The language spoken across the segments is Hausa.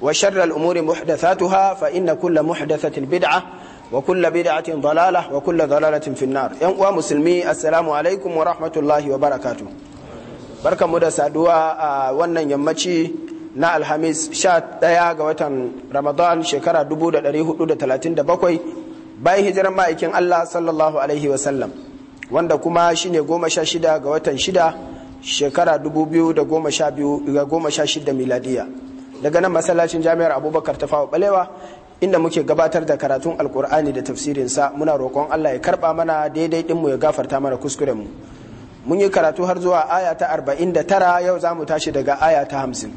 wa sharral umuri muhdathatuha fa inna kulla muhdathatin bid'a wa kulla bid'atin dalala wa kulla dalalatin finnar yan uwa musulmi asalamu alaikum wa rahmatullahi wa barakatu barka mu da saduwa a wannan yammaci na alhamis sha daya ga watan ramadan shekara dubu da dari hudu da talatin da bakwai bayan hijiran ma'aikin allah sallallahu alaihi wasallam wanda kuma shine goma sha shida ga watan shida shekara dubu biyu da goma sha shida miladiya daga nan masallacin jami'ar abubakar ta fawo balewa inda muke gabatar da karatun alkur'ani da tafsirinsa muna roƙon allah ya karɓa mana daidai ɗinmu ya gafarta mana kuskurenmu mun yi karatu har zuwa aya ta arba'in da tara yau za mu tashi daga aya ta hamsin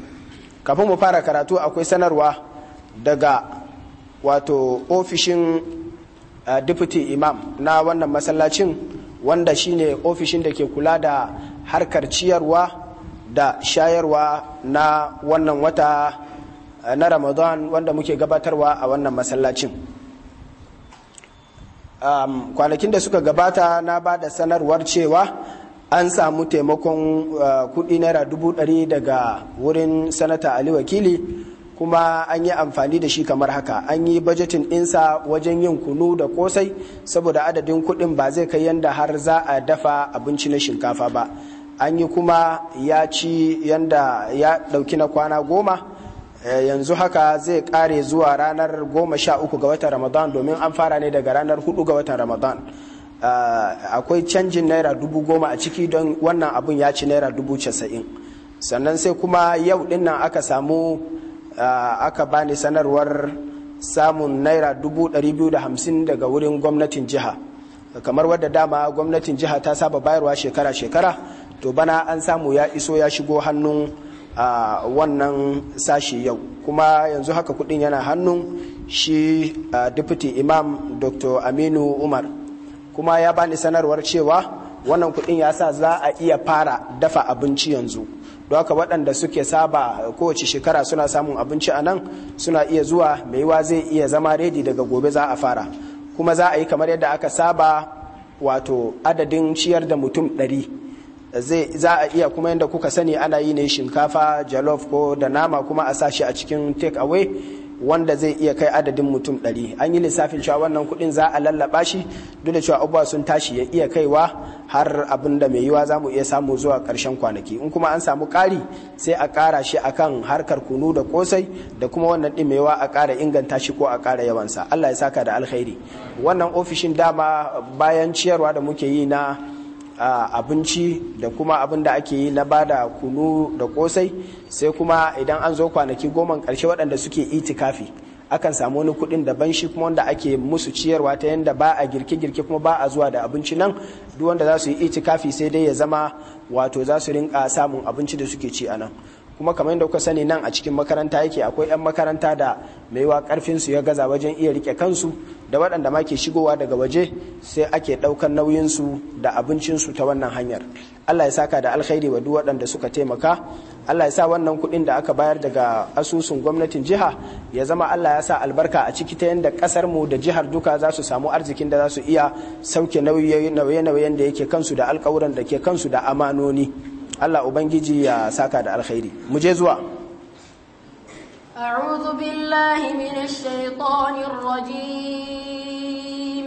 kafin mu fara karatu akwai sanarwa daga wato ofishin eh, deputy imam na wannan masallacin wanda shine ofishin da ke kula da harkar ciyarwa da shayarwa na wannan wata eh, na ramadan wanda muke gabatarwa a wannan masallacin um, kwanakin da suka gabata na ba da sanarwar cewa an samu taimakon uh, eh, kudi naira dubu dari daga wurin sanata ali wakili kuma an yi amfani da shi kamar haka an yi bajetin insa wajen yin kunu da kosai saboda adadin kudin ba zai kai yadda har za a dafa abinci na shinkafa ba an yi kuma ya ci yanda ya ɗauki na kwana goma eh, yanzu haka zai kare zuwa ranar goma sha uku ga watan ramadan domin an fara ne daga ranar hudu ga watan ramadan eh, akwai canjin naira dubu goma a ciki don wannan abun ya ci naira dubu casa'in sannan sai kuma yau dinnan aka samu eh, aka bani sanarwar samun naira dubu ɗari biyu da hamsin daga wurin gwamnatin jiha kamar wadda dama gwamnatin jiha ta saba bayarwa shekara-shekara to bana an samu ya iso ya shigo hannun a wannan sashi yau kuma yanzu haka kudin yana hannun shi deputy imam dr aminu umar kuma ya bani sanarwar cewa wannan kudin ya sa za a iya fara dafa abinci yanzu don haka waɗanda suke saba kowace shekara suna samun abinci a nan suna iya zuwa mai wa zai iya zama redi daga gobe za a fara kuma za a yi kamar yadda aka saba wato adadin ciyar da mutum ɗari zai za a iya kuma yadda kuka sani ana yi ne shinkafa jalof ko da nama kuma a sashi a cikin take away wanda zai iya kai adadin mutum ɗari an yi lissafin cewa wannan kuɗin za a lallaba shi duk da cewa abubuwa sun tashi ya iya kaiwa har abin da mai yiwa za mu iya samu zuwa karshen kwanaki in kuma an samu kari sai a ƙara shi akan harkar kunu da kosai da kuma wannan ɗin mai yiwa a kara inganta shi ko a ƙara yawansa allah ya saka da alkhairi wannan ofishin dama bayan ciyarwa da muke yi na abinci da kuma abin da ake yi na bada kunu da kosai sai kuma idan an zo kwanaki goma karshe waɗanda suke itikafi akan samu wani kuɗin daban shi kuma wanda ake musu ciyarwa ta yadda ba a girke-girke kuma ba a zuwa da abinci nan duk wanda za su yi itikafi sai dai ya zama wato za su rinka samun abinci da suke ci a nan kuma kamar yadda kuka sani nan a cikin makaranta yake akwai 'yan makaranta da wa karfin su ya gaza wajen iya rike kansu da waɗanda ma ke shigowa daga waje sai ake ɗaukar nauyin su da abincin su ta wannan hanyar Allah ya saka da alkhairi wa duk waɗanda suka taimaka Allah ya sa wannan kuɗin da aka bayar daga asusun gwamnatin jiha ya zama Allah ya sa albarka a ciki ta yadda ƙasar mu da jihar duka za su samu arzikin da za su iya sauke nauye-nauyen da yake kansu da alƙawuran da ke kansu da amanoni Allah ubangiji ya saka da alkhairi mu je zuwa أعوذ بالله من الشيطان الرجيم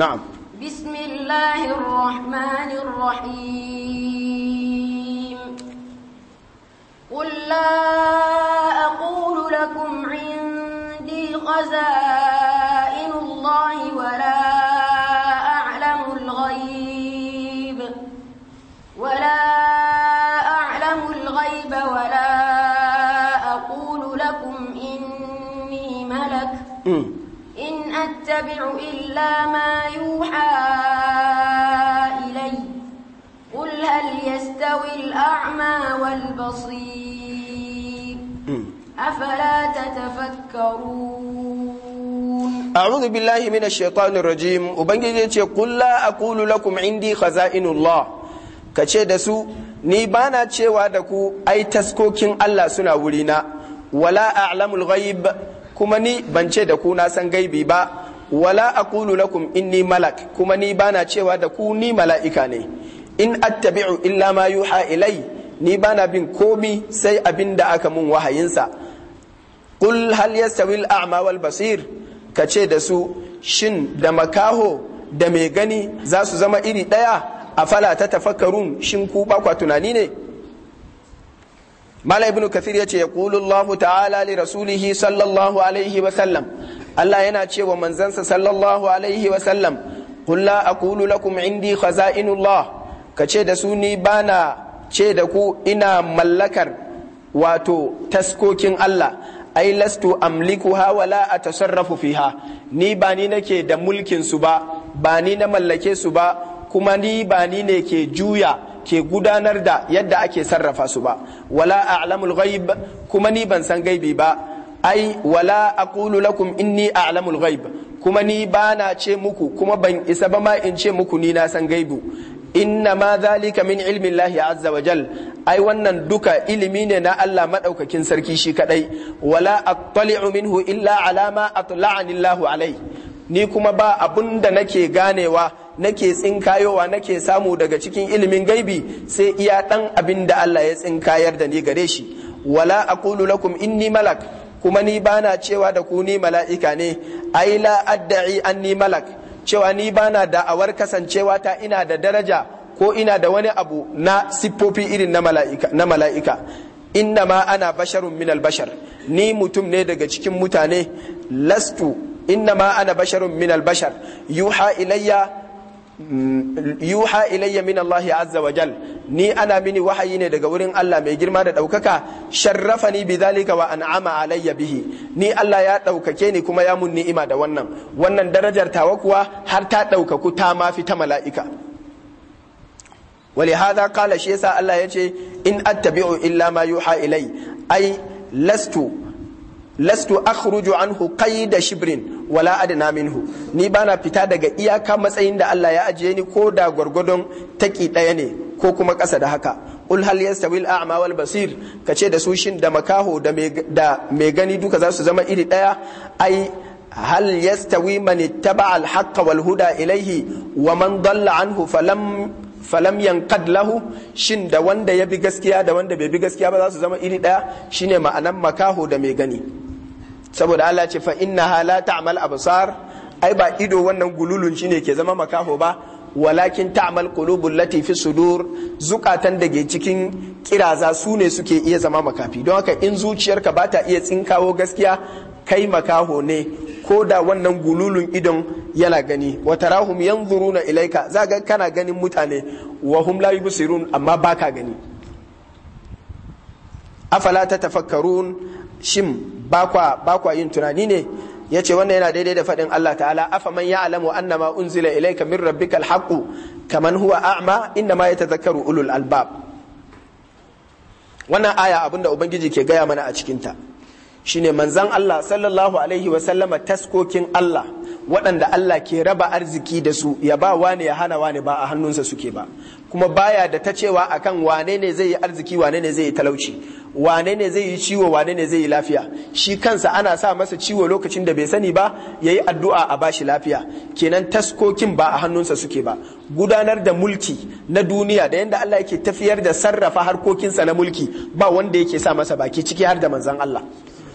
نعم بسم الله الرحمن الرحيم قل لا أقول لكم عندي خزائن أتبع إلا ما يوحى إلي قل هل يستوي الأعمى والبصير أفلا تتفكرون أعوذ بالله من الشيطان الرجيم وبنجي قل لا أقول لكم عندي خزائن الله كتشي دسو ni ba na cewa da ku ai taskokin Allah suna wurina wala a'lamul ghaib kuma ni ban ce da ku na san gaibi ba wala aqulu lakum inni malak kuma ni bana cewa da ku ni mala'ika ne in attabi'u illa ma yuha ilai ni bana bin komi sai abin da aka mun wahayinsa qul hal yastawi al-a'ma wal basir kace da su shin da makaho da mai gani za su zama iri daya fala ta tafakkarun shin ku ba kwa tunani ne Mala ibn Kathir ya ce, Yaqulu Allah ta'ala li rasulihi sallallahu alaihi wa sallam, Allah yana cewa manzansa sallallahu alaihi wasallam qul la aqulu lakum indi khaza'inullah kace da su ni bana ce da ku ina mallakar wato taskokin Allah ai lastu ha wala atasarrafu fiha ni ba ni nake da mulkin su ba ba ni na mallake su ba kuma ni ba ni ne ke juya ke gudanar da yadda ake sarrafa su ba wala a'lamul ghaib kuma ni ban san gaibi ba ai wala aqulu lakum inni a'lamul ghaib kuma ni bana ce muku kuma ban isa ba ma in ce muku ni na san gaibu inna ma zalika min ilmin lahi azza wa jal ai wannan duka ilimi ne na Allah maɗaukakin sarki shi kaɗai. wala attali'u minhu illa ala ma atla'ani Allahu alai ni kuma ba abun da nake ganewa nake tsinkayowa nake samu daga cikin ilimin gaibi sai iya ɗan abin da Allah ya tsinkayar da ni gare shi wala aqulu lakum inni malak kuma ni bana cewa da ku ni mala'ika ne ai la adda'i anni malak cewa ni bana da'awar kasancewa ta ina da daraja ko ina da wani abu na siffofi irin na mala'ika na mala'ika inna ana basharun minal bashar ni mutum ne daga cikin mutane lastu inna ma ana basharun minal bashar yuha ilayya yuha ilayya min azzawajal azza wa jal ni ana mini wahayi ne daga wurin Allah mai girma da ɗaukaka sharrafa ni zalika wa an'ama alayya bihi ni Allah ya ɗaukake ni kuma ya mun ni'ima da wannan wannan darajar tawa kuwa har ta ɗaukaku ta ma fi ta mala'ika ولهذا قال شيسا الله يجي in أتبع إلا ما ma yuha ilai لست لست أخرج عنه da shibrin wala adana minhu ni bana fita daga iyaka matsayin da Allah ya ajiye ni ko da gwargwadon taki ɗaya ne ko kuma ƙasa da haka ul hal yastawi al a'ma wal basir kace da su shin da makaho da mai gani duka zasu zama iri ɗaya ai hal yastawi man ittaba al haqq wal huda ilaihi wa man dalla anhu falam falam yanqad lahu shin da wanda ya bi gaskiya da wanda bai bi gaskiya ba za zama iri ɗaya shine ma'anan makaho da mai gani saboda Allah ce fa inna la ta'mal absar ai ba ido wannan gululun shine ke zama makaho ba walakin ta'mal qulubul lati fi sudur zukatan da ke cikin kiraza su ne suke iya zama makafi don haka in zuciyarka ba ta iya tsinkawo gaskiya kai makaho ne ko da wannan gululun idon yana gani wa tarahum yanzuruna ilaika za ga kana ganin mutane wa hum la yubsirun amma baka gani afala ta tatafakkarun shin bakwa bakwa yin tunani ne ya ce wannan yana daidai da faɗin Allah ta'ala afa man alamu annama unzila ilayka min rabbikal haqqu kaman huwa a'ma innama Zakaru ulul albab wannan aya abinda ubangiji ke gaya mana a cikinta. ta shine manzan Allah sallallahu alaihi wa sallama taskokin Allah waɗanda Allah ke raba arziki da su ya ba wane ya hana wane ba a hannunsa suke ba kuma baya da ta cewa akan wane ne zai yi arziki wane ne zai yi talauci wane ne zai yi ciwo wane ne zai yi lafiya shi kansa ana sa masa ciwo lokacin da bai sani ba ya yi addu'a a bashi lafiya kenan taskokin ba a hannunsa suke ba gudanar da mulki na duniya da yadda Allah yake tafiyar da sarrafa harkokinsa na mulki ba wanda yake sa masa baki ciki har da manzon Allah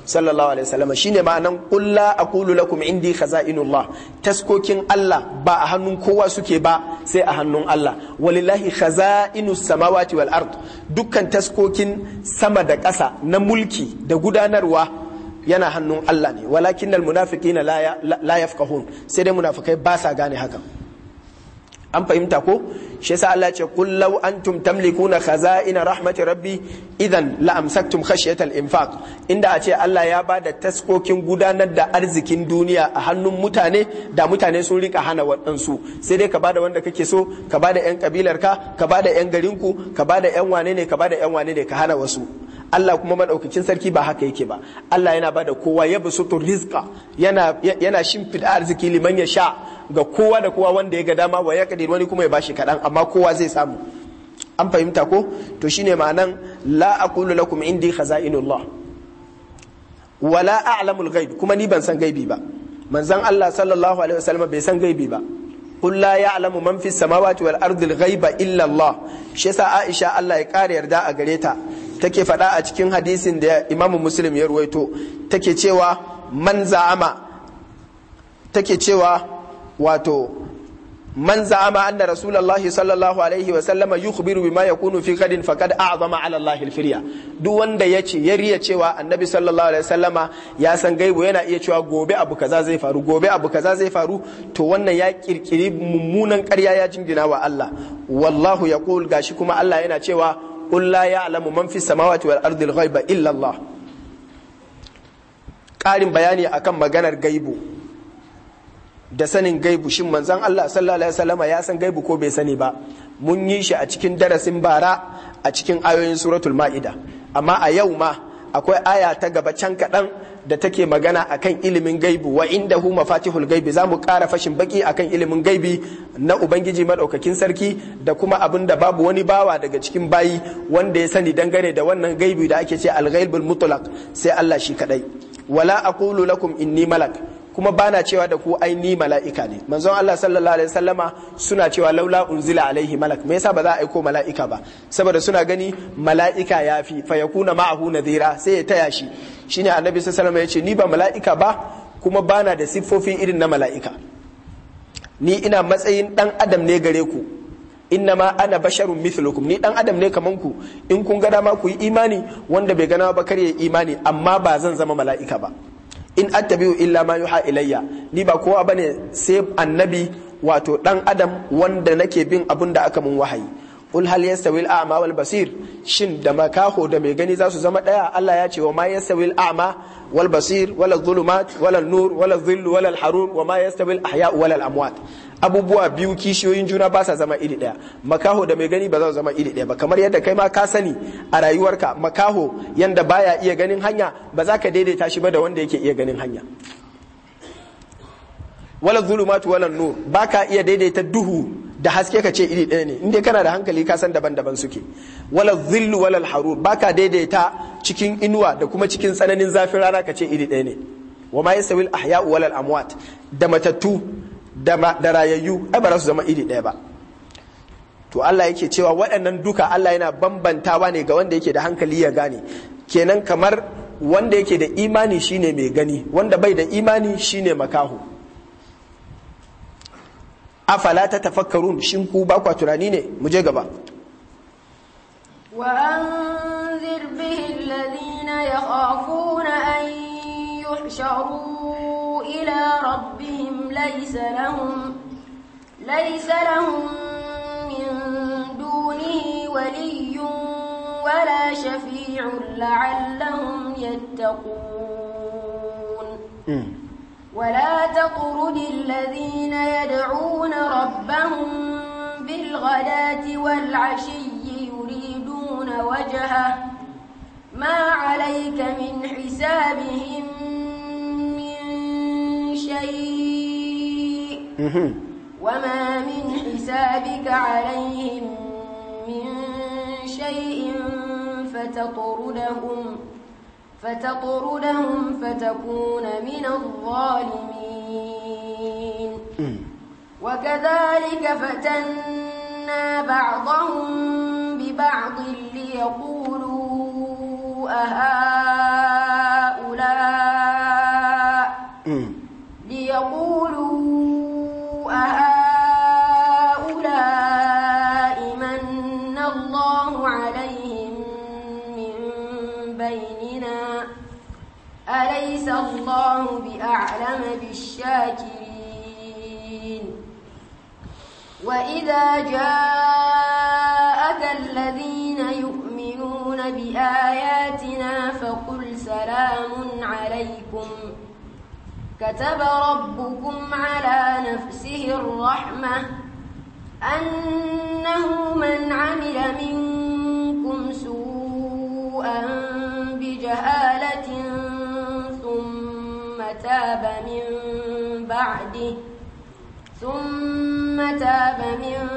sallallahu alaihi wasallam shine ma'anan qul la aqulu lakum indi khaza'inullah taskokin Allah ba a hannun kowa suke ba sai a hannun Allah walillahi khaza'inus samawati wal ard dukkan taskokin sama da ƙasa na mulki da gudanarwa yana hannun Allah ne walakin almunafiqina la la yafqahun sai dai munafikai ba sa gane haka an fahimta ko shi yasa Allah ce qul tamliku na tamlikuna ina rahmati rabbi idan la amsaktum khashyatal infaq inda a ce Allah ya ba da taskokin gudanar da arzikin duniya a hannun mutane da mutane sun rika hana waɗansu sai dai ka bada wanda kake so ka bada yan kabilar ka ka bada yan garin ku ka bada yan wane ne ka bada yan wane ne ka hana wasu Allah kuma madaukakin sarki ba haka yake ba Allah yana bada kowa ya basutu rizqa yana yana shimfida arziki liman ya sha ga kowa da kowa wanda ya ga dama wa ya kadir wani kuma ya bashi kadan amma kowa zai samu an fahimta ko to shine ma'anan la aqulu lakum indi khaza'inullah wala a'lamul ghaib kuma ni ban san gaibi ba manzon Allah sallallahu alaihi wasallam bai san gaibi ba قل لا يعلم من في السماوات والارض الغيب الا الله shi yasa Aisha Allah ya kare yarda a gare take faɗa a cikin hadisin da imamu muslim ya ruwaito take cewa man za'ama take cewa wato man za'ama anna rasulullahi sallallahu alaihi wa sallama yukhbiru bima yakunu fi gadin faqad a'zama ala allahi alfirya duk wanda yace ya riya cewa annabi sallallahu alaihi wasallama ya san gaibo yana iya cewa gobe abu kaza zai faru gobe abu kaza zai faru to wannan ya kirkiri mummunan ƙarya ya jingina wa Allah wallahu yaqul gashi kuma Allah yana cewa qul la ya'lamu man fi samawati wal ardi al ghaiba illa Allah ƙarin bayani akan maganar gaibu da sanin gaibu shin manzon Allah sallallahu alaihi wasallama ya san gaibu ko bai sani ba mun yi shi a cikin darasin bara a cikin ayoyin suratul ma'ida amma a yau ma akwai aya ta gaba can kaɗan da take magana akan ilimin gaibi wa inda hu mafatihul gaibi mu kara fashin baki akan ilimin gaibi na ubangiji madaukakin sarki da kuma abin da babu wani bawa daga cikin bayi wanda ya sani dangane da wannan gaibi da ake ce al-ghaibul mutlaq sai Allah shi kadai wala aqulu lakum inni malak kuma bana cewa da ku ai ni mala'ika ne manzon Allah sallallahu alaihi wasallama suna cewa laula unzila alaihi malak me yasa ba za a aiko mala'ika ba saboda suna gani mala'ika yafi fa yakuna ma'ahu nadhira sai ya taya shi shine annabi sallallahu alaihi yace ni ba mala'ika ba kuma bana da siffofi irin na mala'ika ni ina matsayin dan adam ne gare ku inna ma ana basharun mithlukum ni dan adam ne kaman ku in kun ga dama ku yi imani wanda bai gana ba karye imani amma ba zan zama mala'ika ba in attabi'u illa ma yuha ilayya ni ba kowa bane sai annabi wato dan adam wanda nake bin abin da aka mun wahayi qul hal yastawi a'ma wal basir shin da makaho da mai gani zasu zama daya Allah ya ce wa ma yastawi a'ma wal basir wala zulumat wala nur wala dhillu wala harur wa ma yastawi al wala amwat abubuwa biyu kishiyoyin juna ba sa zama iri ɗaya makaho da mai gani ba za su zama iri ɗaya ba kamar yadda kai ma ka sani a rayuwarka makaho yanda baya iya ganin hanya ba za ka daidaita shi ba da wanda yake iya ganin hanya wala zulumatu wala nur baka iya daidaita duhu da haske ka ce iri daya ne inda kana da hankali ka san daban-daban suke wala zillu wala harur baka daidaita cikin inuwa da kuma cikin tsananin zafin rana ka ce iri daya ne wa ma yasawil ahya'u wala amwat da matattu da rayayyu ai ba su zama iri ɗaya ba to Allah yake cewa waɗannan duka Allah yana bambantawa ne ga wanda yake da hankali ya gane kenan kamar wanda yake da imani shine mai gani wanda bai da imani shine makaho afala ta tafakkarun shin ku ba kwa ne mu je gaba وأنذر يحشروا إلى ربهم ليس لهم ليس لهم من دونه ولي ولا شفيع لعلهم يتقون ولا تطرد الذين يدعون ربهم بالغداة والعشي يريدون وجهه ما عليك من حسابهم شيء وما من حسابك عليهم من شيء فتطردهم فتطردهم فتكون من الظالمين وكذلك فتنا بعضهم ببعض ليقولوا أهؤلاء يقولوا أهؤلاء من الله عليهم من بيننا أليس الله بأعلم بالشاكرين وإذا جاءك الذين يؤمنون بآياتنا فقل سلام عليكم كتب ربكم على نفسه الرحمة أنه من عمل منكم سوءا بجهالة ثم تاب من بعده ثم تاب من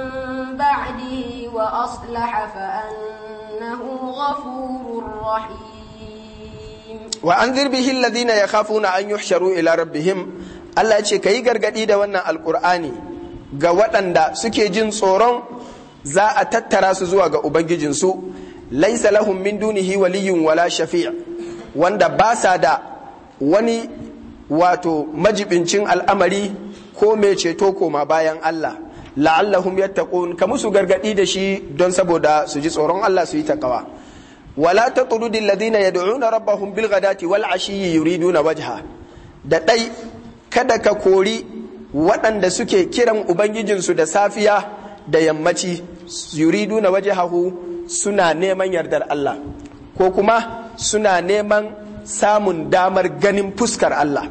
بعده وأصلح فأنه غفور رحيم wa an zirbihi alladhina yakhafuna an yuhsharu ila rabbihim Allah ce yi gargadi da wannan alqur'ani ga waɗanda suke jin tsoron za a tattara su zuwa ga ubangijinsu laisa lahum min dunihi waliyyun wala shafi' wanda ba sa da wani wato majibincin al'amari ko mai ceto koma bayan Allah la'allahum yattaqun ka musu gargadi da shi don saboda su ji tsoron Allah su yi takawa wala ta tatrudi alladhina yad'una rabbahum bil ghadati wal ashiyyi yuriduna wajha da dai kada ka kori waɗanda suke kiran ubangijinsu da safiya da yammaci yuriduna wajhahu suna neman yardar Allah ko kuma suna neman samun damar ganin fuskar Allah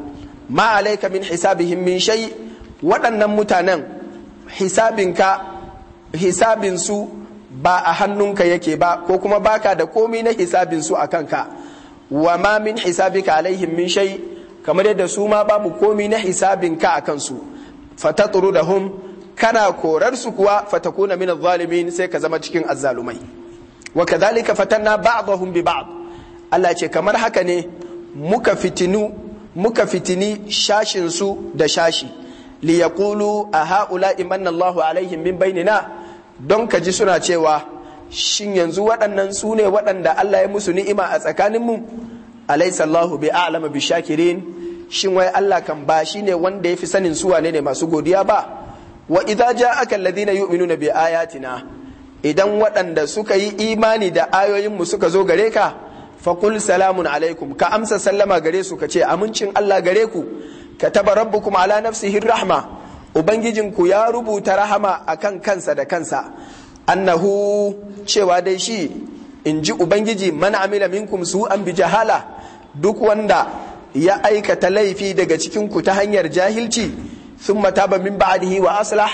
ma alaika min hisabihim min shay waɗannan mutanen hisabinka hisabinsu ba a hannunka yake ba ko kuma baka da komi na hisabin su a kanka wa ma min hisabika alaihim min shay kamar yadda su ma babu komi na hisabin ka a kansu hun. kana korarsu su kuwa fatakuna min adh-dhalimin sai ka zama cikin azzalumai wa kadhalika fatanna ba'dahum bi ba'd Allah ce kamar haka ne muka fitinu muka fitini shashin su da shashi liyaqulu a ha'ula imanna Allahu alaihim min bainina don ka ji suna cewa shin yanzu waɗannan su ne waɗanda Allah ya musu ni'ima a tsakaninmu alaisallahu bi a'lama bi shakirin shin wai Allah kan ba shi ne wanda ya fi sanin su wane ne masu godiya ba wa idza ja'aka alladhina yu'minuna bi ayatina idan waɗanda suka yi imani da ayoyinmu suka zo gare ka faqul salamun alaikum ka amsa sallama gare su ka ce amincin Allah gare ku Ka kataba rabbukum ala nafsihi rahma ubangijinku ya rubuta rahama akan kansa da kansa annahu cewa dai shi in ji ubangiji mana amila minkum su an bi jahala duk wanda ya aikata laifi daga cikinku ta hanyar jahilci sun mataba min ba'dihi wa aslah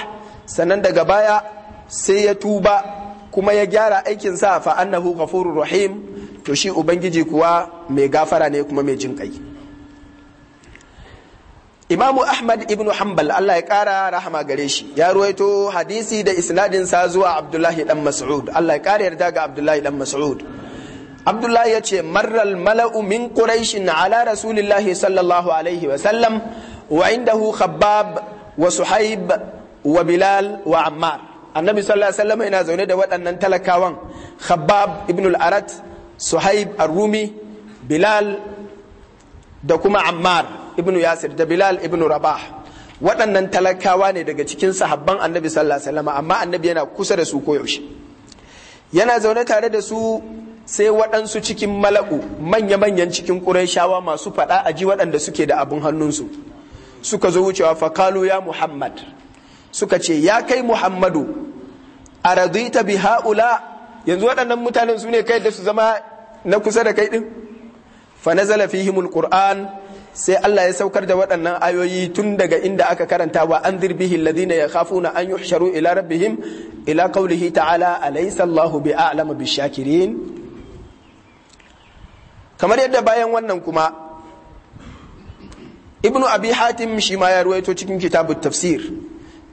sannan daga baya sai ya tuba kuma ya gyara aikinsa fa annahu ghafurur rahim to shi ubangiji kuwa mai gafara ne kuma mai jin kai imamu ahmad ibn hanbal allah ya kara rahama gare shi ya ruwaito hadisi da isnadin sa zuwa abdullahi dan mas'ud allah ya kara yarda ga abdullahi dan mas'ud abdullahi ya ce marral mala'u min quraishin ala rasulillahi sallallahu alaihi wa sallam wa indahu khabbab wa suhaib wa bilal wa ammar annabi sallallahu alaihi wasallam yana zaune da waɗannan talakawan khabbab ibn al-arat suhaib ar-rumi bilal da kuma ammar ibn yasir da bilal ibn rabah waɗannan talakawa ne daga cikin sahabban annabi sallallahu alaihi wasallam amma annabi yana kusa da su yaushe yana zaune tare da su sai waɗansu cikin malaku manya-manyan cikin ƙurayshawa masu faɗa a ji waɗanda suke da abin hannunsu suka zo wucewa fakalu ya muhammad suka ce ya kai muhammadu a radita bi ha'ula yanzu waɗannan mutanen su ne kai da su zama na kusa da kai ɗin fa nazala fihimul qur'an sai Allah ya saukar da waɗannan ayoyi tun daga inda aka karanta wa an ya kafu na an yi sharu ila rabbihim ila kaulihi ta'ala alaysa Allahu bi'alama bishakirin kamar yadda bayan wannan kuma ibnu abi hatim shi ma ya ruwaito cikin kitabu tafsir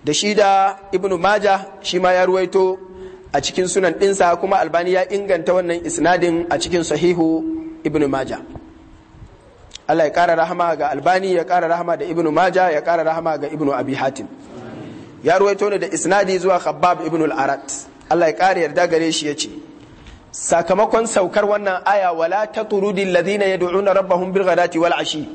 da shi da ibnu maja shi ma ya ruwaito a cikin sunan ɗinsa kuma albani ya inganta wannan isnadin a cikin sahihu ibnu maja Allah ya ƙara rahama ga albani ya ƙara rahama da ibnu maja ya ƙara rahama ga ibnu abi hatim ya ruwaito ne da isnadi zuwa khabbab ibnu al-arat Allah ya ƙara yarda gare shi yace sakamakon saukar wannan aya wala taturudi alladhina yad'una rabbahum bil ghadati wal ashi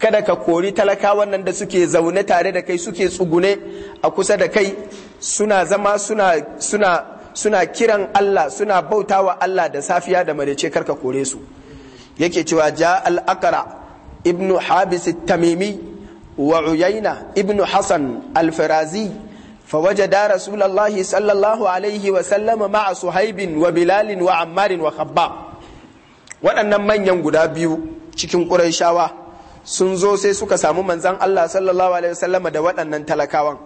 kada ka kori talaka wannan da suke zaune tare da kai suke tsugune a kusa da kai suna zama suna suna suna kiran Allah suna bautawa Allah da safiya da marece karka kore su yake cewa ja al-aqra ibnu habis tamimi wa uyayna ibnu hasan alfirazi فوجد رسول الله صلى الله عليه وسلم مع صهيب وبلال وعمار وخباب waɗannan manyan guda biyu cikin ƙurayshawa sun zo sai suka samu manzan Allah sallallahu alaihi wasallama da waɗannan talakawan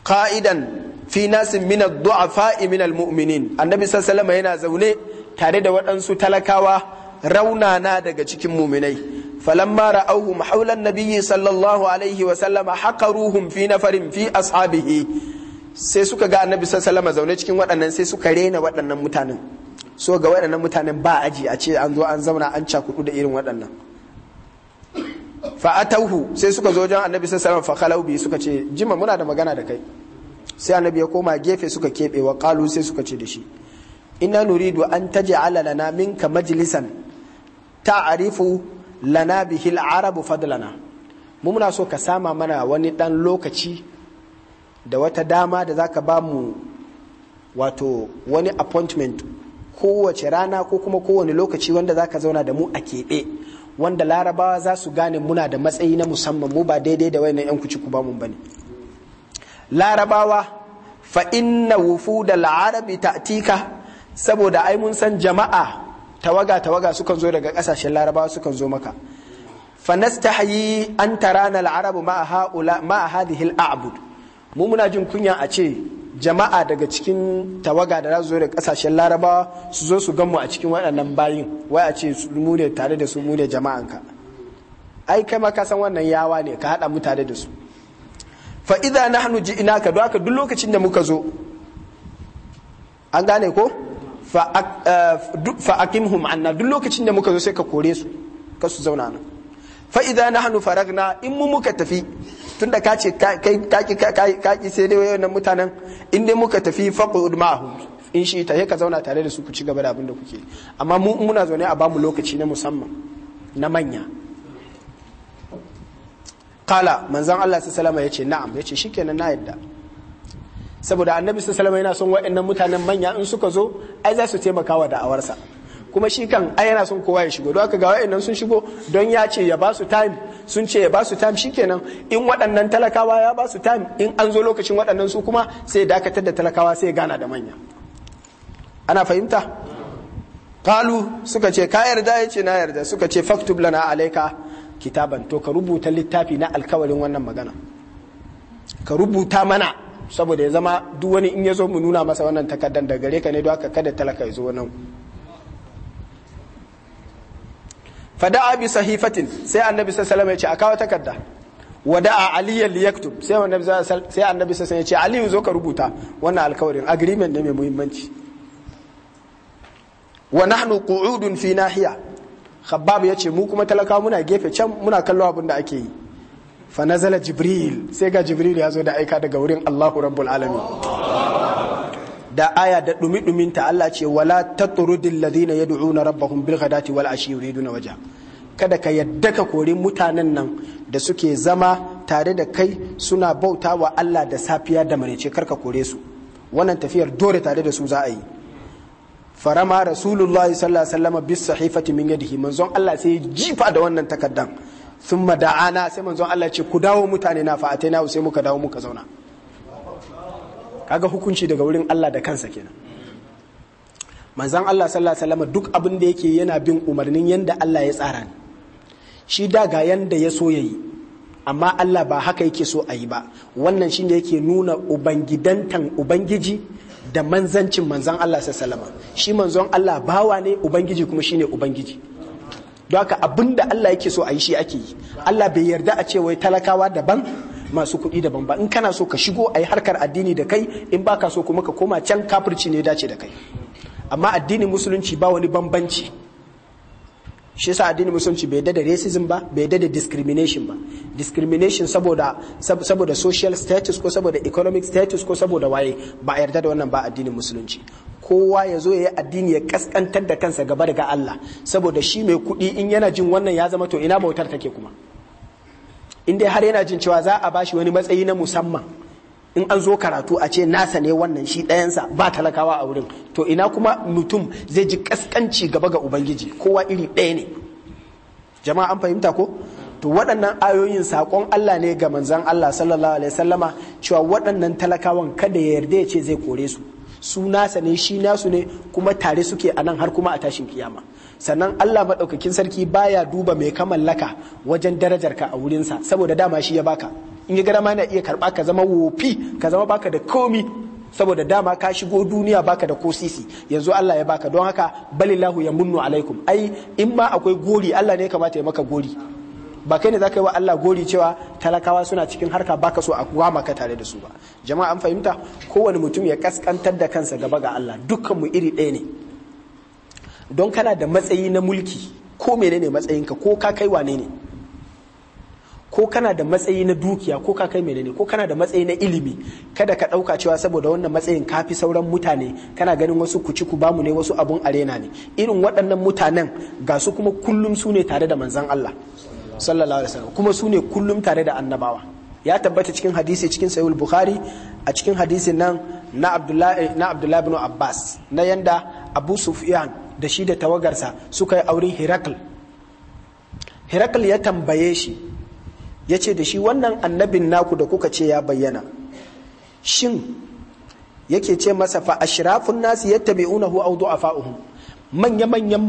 Ka'idan fi nasin min ad al-mu'minin annabi sallallahu alaihi yana zaune tare da waɗansu talakawa raunana daga cikin muminai falamma ra'awhum hawla nabiyyi sallallahu alaihi wa sallama haqaruhum fi nafarin fi ashabihi sai suka ga annabi sallallahu alaihi zaune cikin waɗannan sai suka rena waɗannan mutanen so ga waɗannan mutanen ba aji a ce an zo an zauna an cakudu da irin waɗannan fa'atauhu sai suka zo wajen annabi sallallahu alaihi wasallam fa suka ce jima muna da magana da kai sai annabi ya koma gefe suka kebe wa qalu sai suka ce da shi inna nuridu an taj'ala lana minka majlisan ta'arifu lana bihil arabu fadlana mu muna so ka sama mana wani dan lokaci da wata dama da zaka ba mu wato wani appointment kowace rana ko kuma kowane lokaci wanda zaka zauna da mu a keɓe wanda larabawa za su gane muna da matsayi na musamman mu ba daidai da wayannan yan kuci ku ba mu bane larabawa fa inna da al-arabi ta'tika saboda ai mun san jama'a tawaga tawaga sukan zo daga kasashen larabawa sukan zo maka fanastahi an tarana al-arabu ma haula ma hadhihi abud mu muna jin kunya a ce jama'a daga cikin tawaga da zo da kasashen larabawa su zo su ganmu a cikin waɗannan bayin wai a ce mu ne tare da su mu ne jama'anka ai kai ma san wannan yawa ne ka haɗa mu tare da su fa idza nahnu ji'naka do duk lokacin da muka zo an gane ko Eh, fa akimhum anna duk lokacin da muka zo sai ka kore su ka su zauna nan fa idza nahnu faragna in mu muka tafi tunda ka ce kai kaki sai dai wayannan mutanen in dai muka tafi qud mahum in shi ta ka zauna tare da su ku ci gaba da abin da kuke amma mu muna zaune a bamu lokaci na musamman na manya kala manzon Allah sallallahu alaihi wasallam yace na'am yace shikenan na yadda saboda annabi sallallahu alaihi yana son wa'annan mutanen manya in suka zo ai za su taimaka wa da'awarsa kuma shi kan ai yana son kowa ya shigo don haka ga nan sun shigo don ya ce ya ba su time sun ce ya ba su time shikenan in waɗannan talakawa ya ba su time in an zo lokacin waɗannan su kuma sai dakatar da talakawa sai gana da manya ana fahimta Kalu suka ce ka yarda yace na yarda suka ce faktub lana alayka kitaban to ka rubuta littafi na alkawarin wannan magana ka rubuta mana saboda ya zama duk wani in ya zo mu nuna masa wannan takardar da gare ka ne don haka kada talaka ya zo nan fada'a bi sahifatin sai annabi sallallahu alaihi wasallam ya ce a kawo takarda wada'a ya liyaktub sai annabi sai annabi sai ya ce aliyu zo ka rubuta wannan alkawarin agreement ne mai muhimmanci wa nahnu qu'udun fi nahiya khabbab ce mu kuma talaka muna gefe can muna kallon abin da ake yi fa nazala jibril sai ga jibril ya zo da aika daga wurin Allahu rabbul alamin da aya da dumi ta Allah ce wala tatrudil ladina yad'una rabbahum bil ghadati wal ashi yuriduna waja kada ka yadda ka kori mutanen nan da suke zama tare da kai suna bauta wa Allah da safiya da marece kar ka kore su wannan tafiyar dore tare da su za a yi farama rasulullahi sallallahu alaihi wasallam bis sahifati min yadihi manzon Allah sai jifa da wannan takaddan sun mada'ana sai manzon Allah ce ku dawo mutane na fa'atai na sai muka dawo muka zauna kaga hukunci daga wurin Allah da kansa kenan manzon Allah sallallahu alaihi wasallam duk abin da yake yana bin umarnin yanda Allah ya tsara ne shi da ga yanda ya so yayi amma Allah ba haka yake so a yi ba wannan shi ne yake nuna ubangidantan ubangiji da manzancin manzon Allah sallallahu alaihi wasallam shi manzon Allah bawa ne ubangiji kuma shine ubangiji don haka abin da Allah yake so a yi shi ake yi Allah bai yarda a ce wai talakawa daban masu kuɗi daban ba in kana so ka shigo a yi harkar addini da kai in ba ka so kuma ka koma can kafirci ne dace da kai amma addinin musulunci ba wani bambanci shi sa addinin musulunci bai dada da racism ba bai dada da discrimination ba discrimination saboda saboda social status ko saboda economic status ko saboda waye ba yarda da wannan ba addinin musulunci kowa ya zo ya yi addini ya kaskantar da kansa gaba daga Allah saboda shi mai kuɗi in yana jin wannan ya zama to ina bautar take kuma in dai har yana jin cewa za a bashi wani matsayi na musamman in an zo karatu a ce nasa ne wannan shi ɗayansa ba talakawa a wurin to ina kuma mutum zai ji kaskanci gaba ga ubangiji kowa iri ɗaya ne jama'a an fahimta ko to waɗannan ayoyin saƙon Allah ne ga manzan Allah sallallahu alaihi sallama cewa waɗannan talakawan kada ya yarda ya ce zai kore su su nasa ne shi nasu ne kuma tare suke a nan har kuma a tashin kiyama sannan Allah maɗaukakin sarki baya duba mai kamallaka wajen darajarka a wurinsa saboda dama shi ya baka in ya gada ma na iya karba ka zama wofi ka zama baka da komi saboda dama ka shigo duniya baka da ko sisi yanzu Allah ya baka don haka balillahu ya munnu alaikum ai in ba akwai gori Allah ne ya kamata ya maka gori ba kai ne za ka yi wa Allah gori cewa talakawa suna cikin harka baka so a kuwa maka tare da su ba jama'a an fahimta kowane mutum ya kaskantar da kansa gaba ga Allah dukkan mu iri ɗaya ne don kana da matsayi na mulki ko menene matsayinka ko ka kai wane ne ko kana da matsayi na dukiya ko ka kai menene ko kana da matsayi na ilimi kada ka ɗauka cewa saboda wannan matsayin ka fi sauran mutane kana ganin wasu kuci ku bamu ne wasu abun arena ne irin waɗannan mutanen ga su kuma kullum su ne tare da manzan Allah sallallahu alaihi wasallam kuma su ne kullum tare da annabawa ya tabbata cikin hadisi cikin sahihul bukhari a cikin hadisin nan na abdullahi na abdullahi ibn abbas na yanda abu sufyan da shi da tawagarsa suka yi auren herakl herakl ya tambaye shi ya ce da shi wannan annabin naku da kuka ce ya bayyana shin yake ce masa fa ashirafun nasu yadda yattabi'unahu a du'afa'uhum manya manyan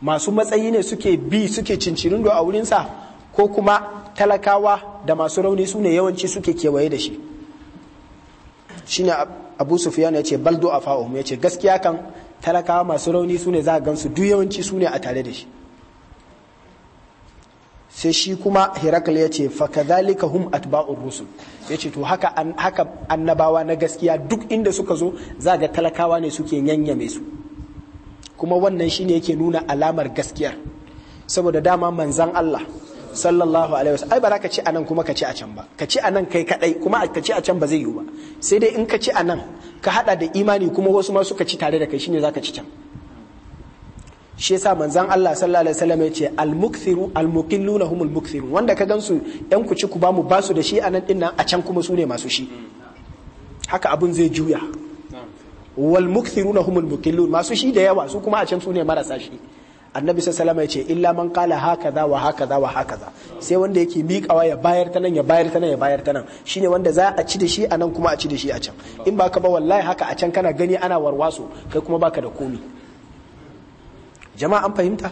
masu matsayi ne suke bi suke cincinin a wurinsa ko kuma talakawa da masu rauni su ne yawanci suke kewaye da shi shine abu sufyan ya ce a du'afa'uhum ya ce gaskiya kan talakawa masu rauni su ne za a gansu duk yawanci su ne a tare da shi sai shi kuma Herakl ya ce fakadhalika hum atba'ur rusul ya ce to haka annabawa na gaskiya duk inda suka zo za ga talakawa ne suke yanyame su kuma wannan shine yake nuna alamar gaskiyar saboda dama manzan Allah sallallahu alaihi wasallam ai ba za ka ci anan kuma ka ci a can ba ka ci anan kai kadai kuma ka ci a can ba zai yiwu ba sai dai in ka ci anan ka hada da imani kuma wasu ma suka ci tare da kai shine za ka ci can shi yasa manzan Allah sallallahu alaihi wasallam yace al-mukthiru al mukthirun wanda ka gansu yan ku ci ku ba mu ba su da shi anan din nan a can kuma su ne masu shi haka abun zai juya wal mukthiruna humul masu shi da yawa su kuma a can su ne marasa shi annabi sallallahu ya ce illa man qala hakaza wa hakaza wa hakaza sai wanda yake miƙawa ya bayar ta nan ya bayar ta nan ya bayar ta nan shine wanda za a ci da shi a nan kuma a ci da shi a can in ba ka ba wallahi haka a can kana gani ana warwaso kai kuma baka da komi jama'a an fahimta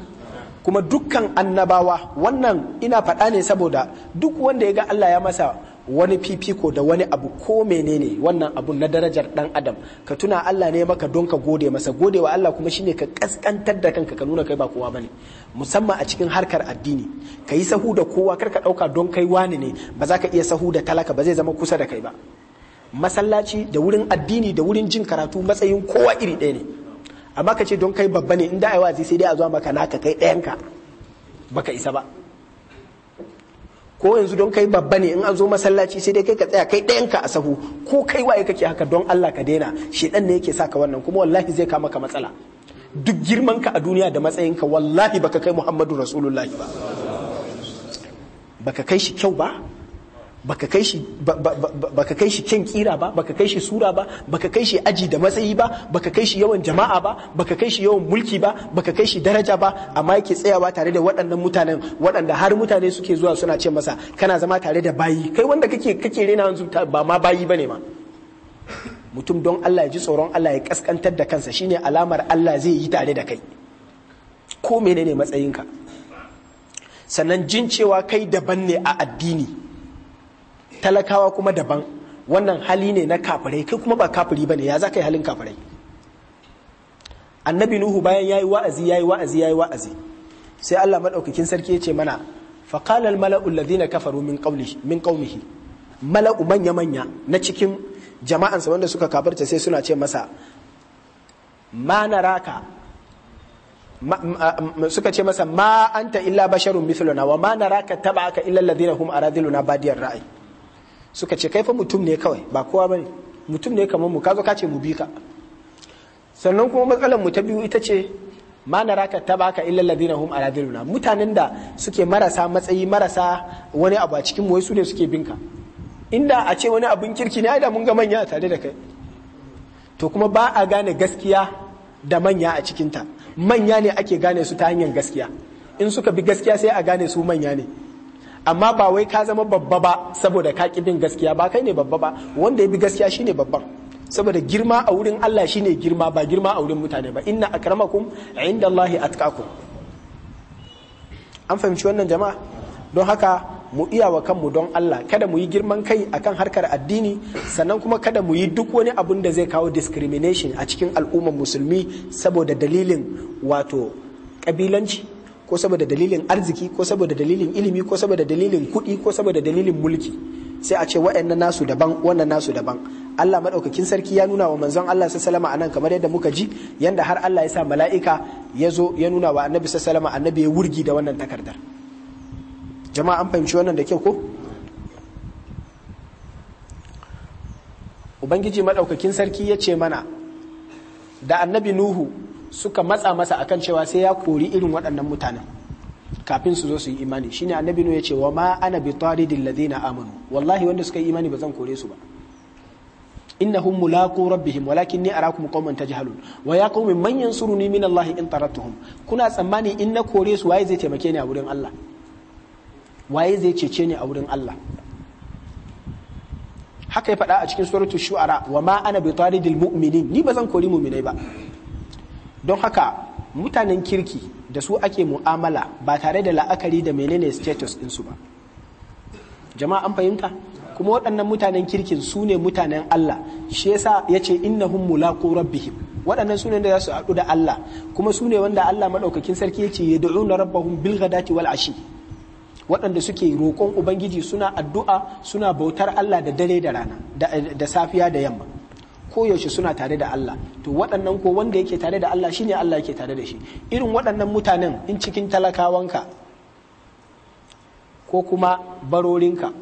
kuma dukkan annabawa wannan ina faɗa ne saboda duk wanda ya ga Allah ya masa wani fifiko da wani abu ko menene wannan abu na darajar dan adam ka tuna Allah ne maka don ka gode masa gode wa Allah kuma shine ka kaskantar da kanka ka nuna kai ba kowa bane musamman a cikin harkar addini ka yi sahu da kowa karka ka dauka don kai wani ne ba za ka iya sahu da talaka ba zai zama kusa da kai ba masallaci da wurin addini da wurin jin karatu matsayin kowa iri ɗaya ne amma ka ce don kai babba ne inda aiwa sai dai a zuwa maka naka kai ɗayanka baka isa ba ko yanzu don kai babba ne in an zo masallaci sai dai kai ka tsaya kai ɗayanka a sahu ko kai waye kake haka don Allah ka daina shi dan ne yake saka wannan kuma wallahi zai kama ka matsala duk girman ka a duniya da ka wallahi baka kai Muhammadu Rasulullahi ba baka kai shi kyau ba baka kai kai shi kyan kira ba baka kai shi sura ba baka kai shi aji da matsayi ba baka kai shi yawan jama'a ba baka kai shi yawan mulki ba baka kai shi daraja ba amma yake tsayawa tare da waɗannan mutanen waɗanda har mutane suke zuwa suna ce masa kana zama tare da bayi kai wanda kake kake rena yanzu ba ma bayi bane ma mutum don Allah ya ji tsoron Allah ya kaskantar da kansa shine alamar Allah zai yi tare da kai ko menene matsayinka sannan jin cewa kai daban ne a addini talakawa kuma daban wannan hali ne na kafirai kai kuma ba kafiri bane ya za ka yi halin kafirai annabi nuhu bayan yayi wa'azi yayi wa'azi yayi wa'azi sai Allah madaukakin sarki ya ce mana fa qala al mala'u alladhina kafaru min qawlihi min qawmihi mala'u manya manya na cikin jama'ansa wanda suka kafirta sai suna ce masa ma naraka suka ce masa ma anta illa basharun mithluna wa ma naraka tab'aka illa alladhina hum aradiluna badiyar ra'ayi suka ce kai fa mutum ne kawai ba kowa bane mutum ne kamar mu ka zo ka ce mu bi ka sannan kuma matsalar mu ta biyu ita ce ma ta baka illa ladina hum ala dinina mutanen da suke marasa matsayi marasa wani abu a cikin mu su ne suke binka inda a ce wani abun kirki ne ai da mun ga manya tare da kai to kuma ba a gane gaskiya da manya a cikinta manya ne ake gane su ta hanyar gaskiya in suka bi gaskiya sai a gane su manya ne amma ba wai ka zama babba ba saboda ka bin gaskiya ba kai ne babba ba wanda ya bi gaskiya shine babban saboda girma a wurin Allah shine girma ba girma a wurin mutane ba inna akramakum indallahi atqakum an fahimci wannan jama'a don haka mu iya wa kanmu don Allah kada mu yi girman kai akan harkar addini sannan kuma kada mu yi duk wani abun da zai kawo discrimination a cikin al'ummar musulmi saboda dalilin wato kabilanci ko saboda dalilin arziki ko saboda dalilin ilimi ko saboda dalilin kuɗi ko saboda dalilin mulki sai a ce wa'annan nasu daban wannan nasu daban Allah madaukakin sarki ya nuna wa manzon Allah sallallahu alaihi anan kamar yadda muka ji yanda har Allah ya sa mala'ika ya zo ya nuna wa annabi sallallahu alaihi annabi ya wurgi da wannan takardar jama'a an fahimci wannan da kyau ko ubangiji madaukakin sarki ya ce mana da annabi nuhu suka matsa masa akan cewa sai ya kori irin waɗannan mutanen kafin su zo su yi imani shine annabi ya ce wa ma ana bi taridil na amanu wallahi wanda suka yi imani ba zan kore su ba innahum mulaqu rabbihim walakinni arakum qauman tajhalun wa ya qaumi manyan yansuruni min Allah in tarattuhum kuna tsammani in na kore su waye zai taimake ni a wurin Allah waye zai cece ni a wurin Allah haka ya faɗa a cikin suratul shu'ara wa ma ana bi da mu'minin ni ba zan kori mu'minai ba don haka mutanen kirki da su ake mu'amala ba tare da la'akari da menene status ɗinsu ba jama'a an fahimta kuma waɗannan mutanen kirkin su ne mutanen Allah shi yasa ya ce innahum ko rabbihim waɗannan su ne da za su haɗu da Allah kuma su ne wanda Allah maɗaukakin sarki ya ce ya na rabbahum bilga dati wal ashi waɗanda suke roƙon ubangiji suna addu'a suna bautar Allah da dare da rana da safiya da yamma koyaushe suna tare da Allah to waɗannan ko wanda yake tare da Allah shine Allah yake tare da shi irin waɗannan mutanen in cikin talakawanka ko kuma barorinka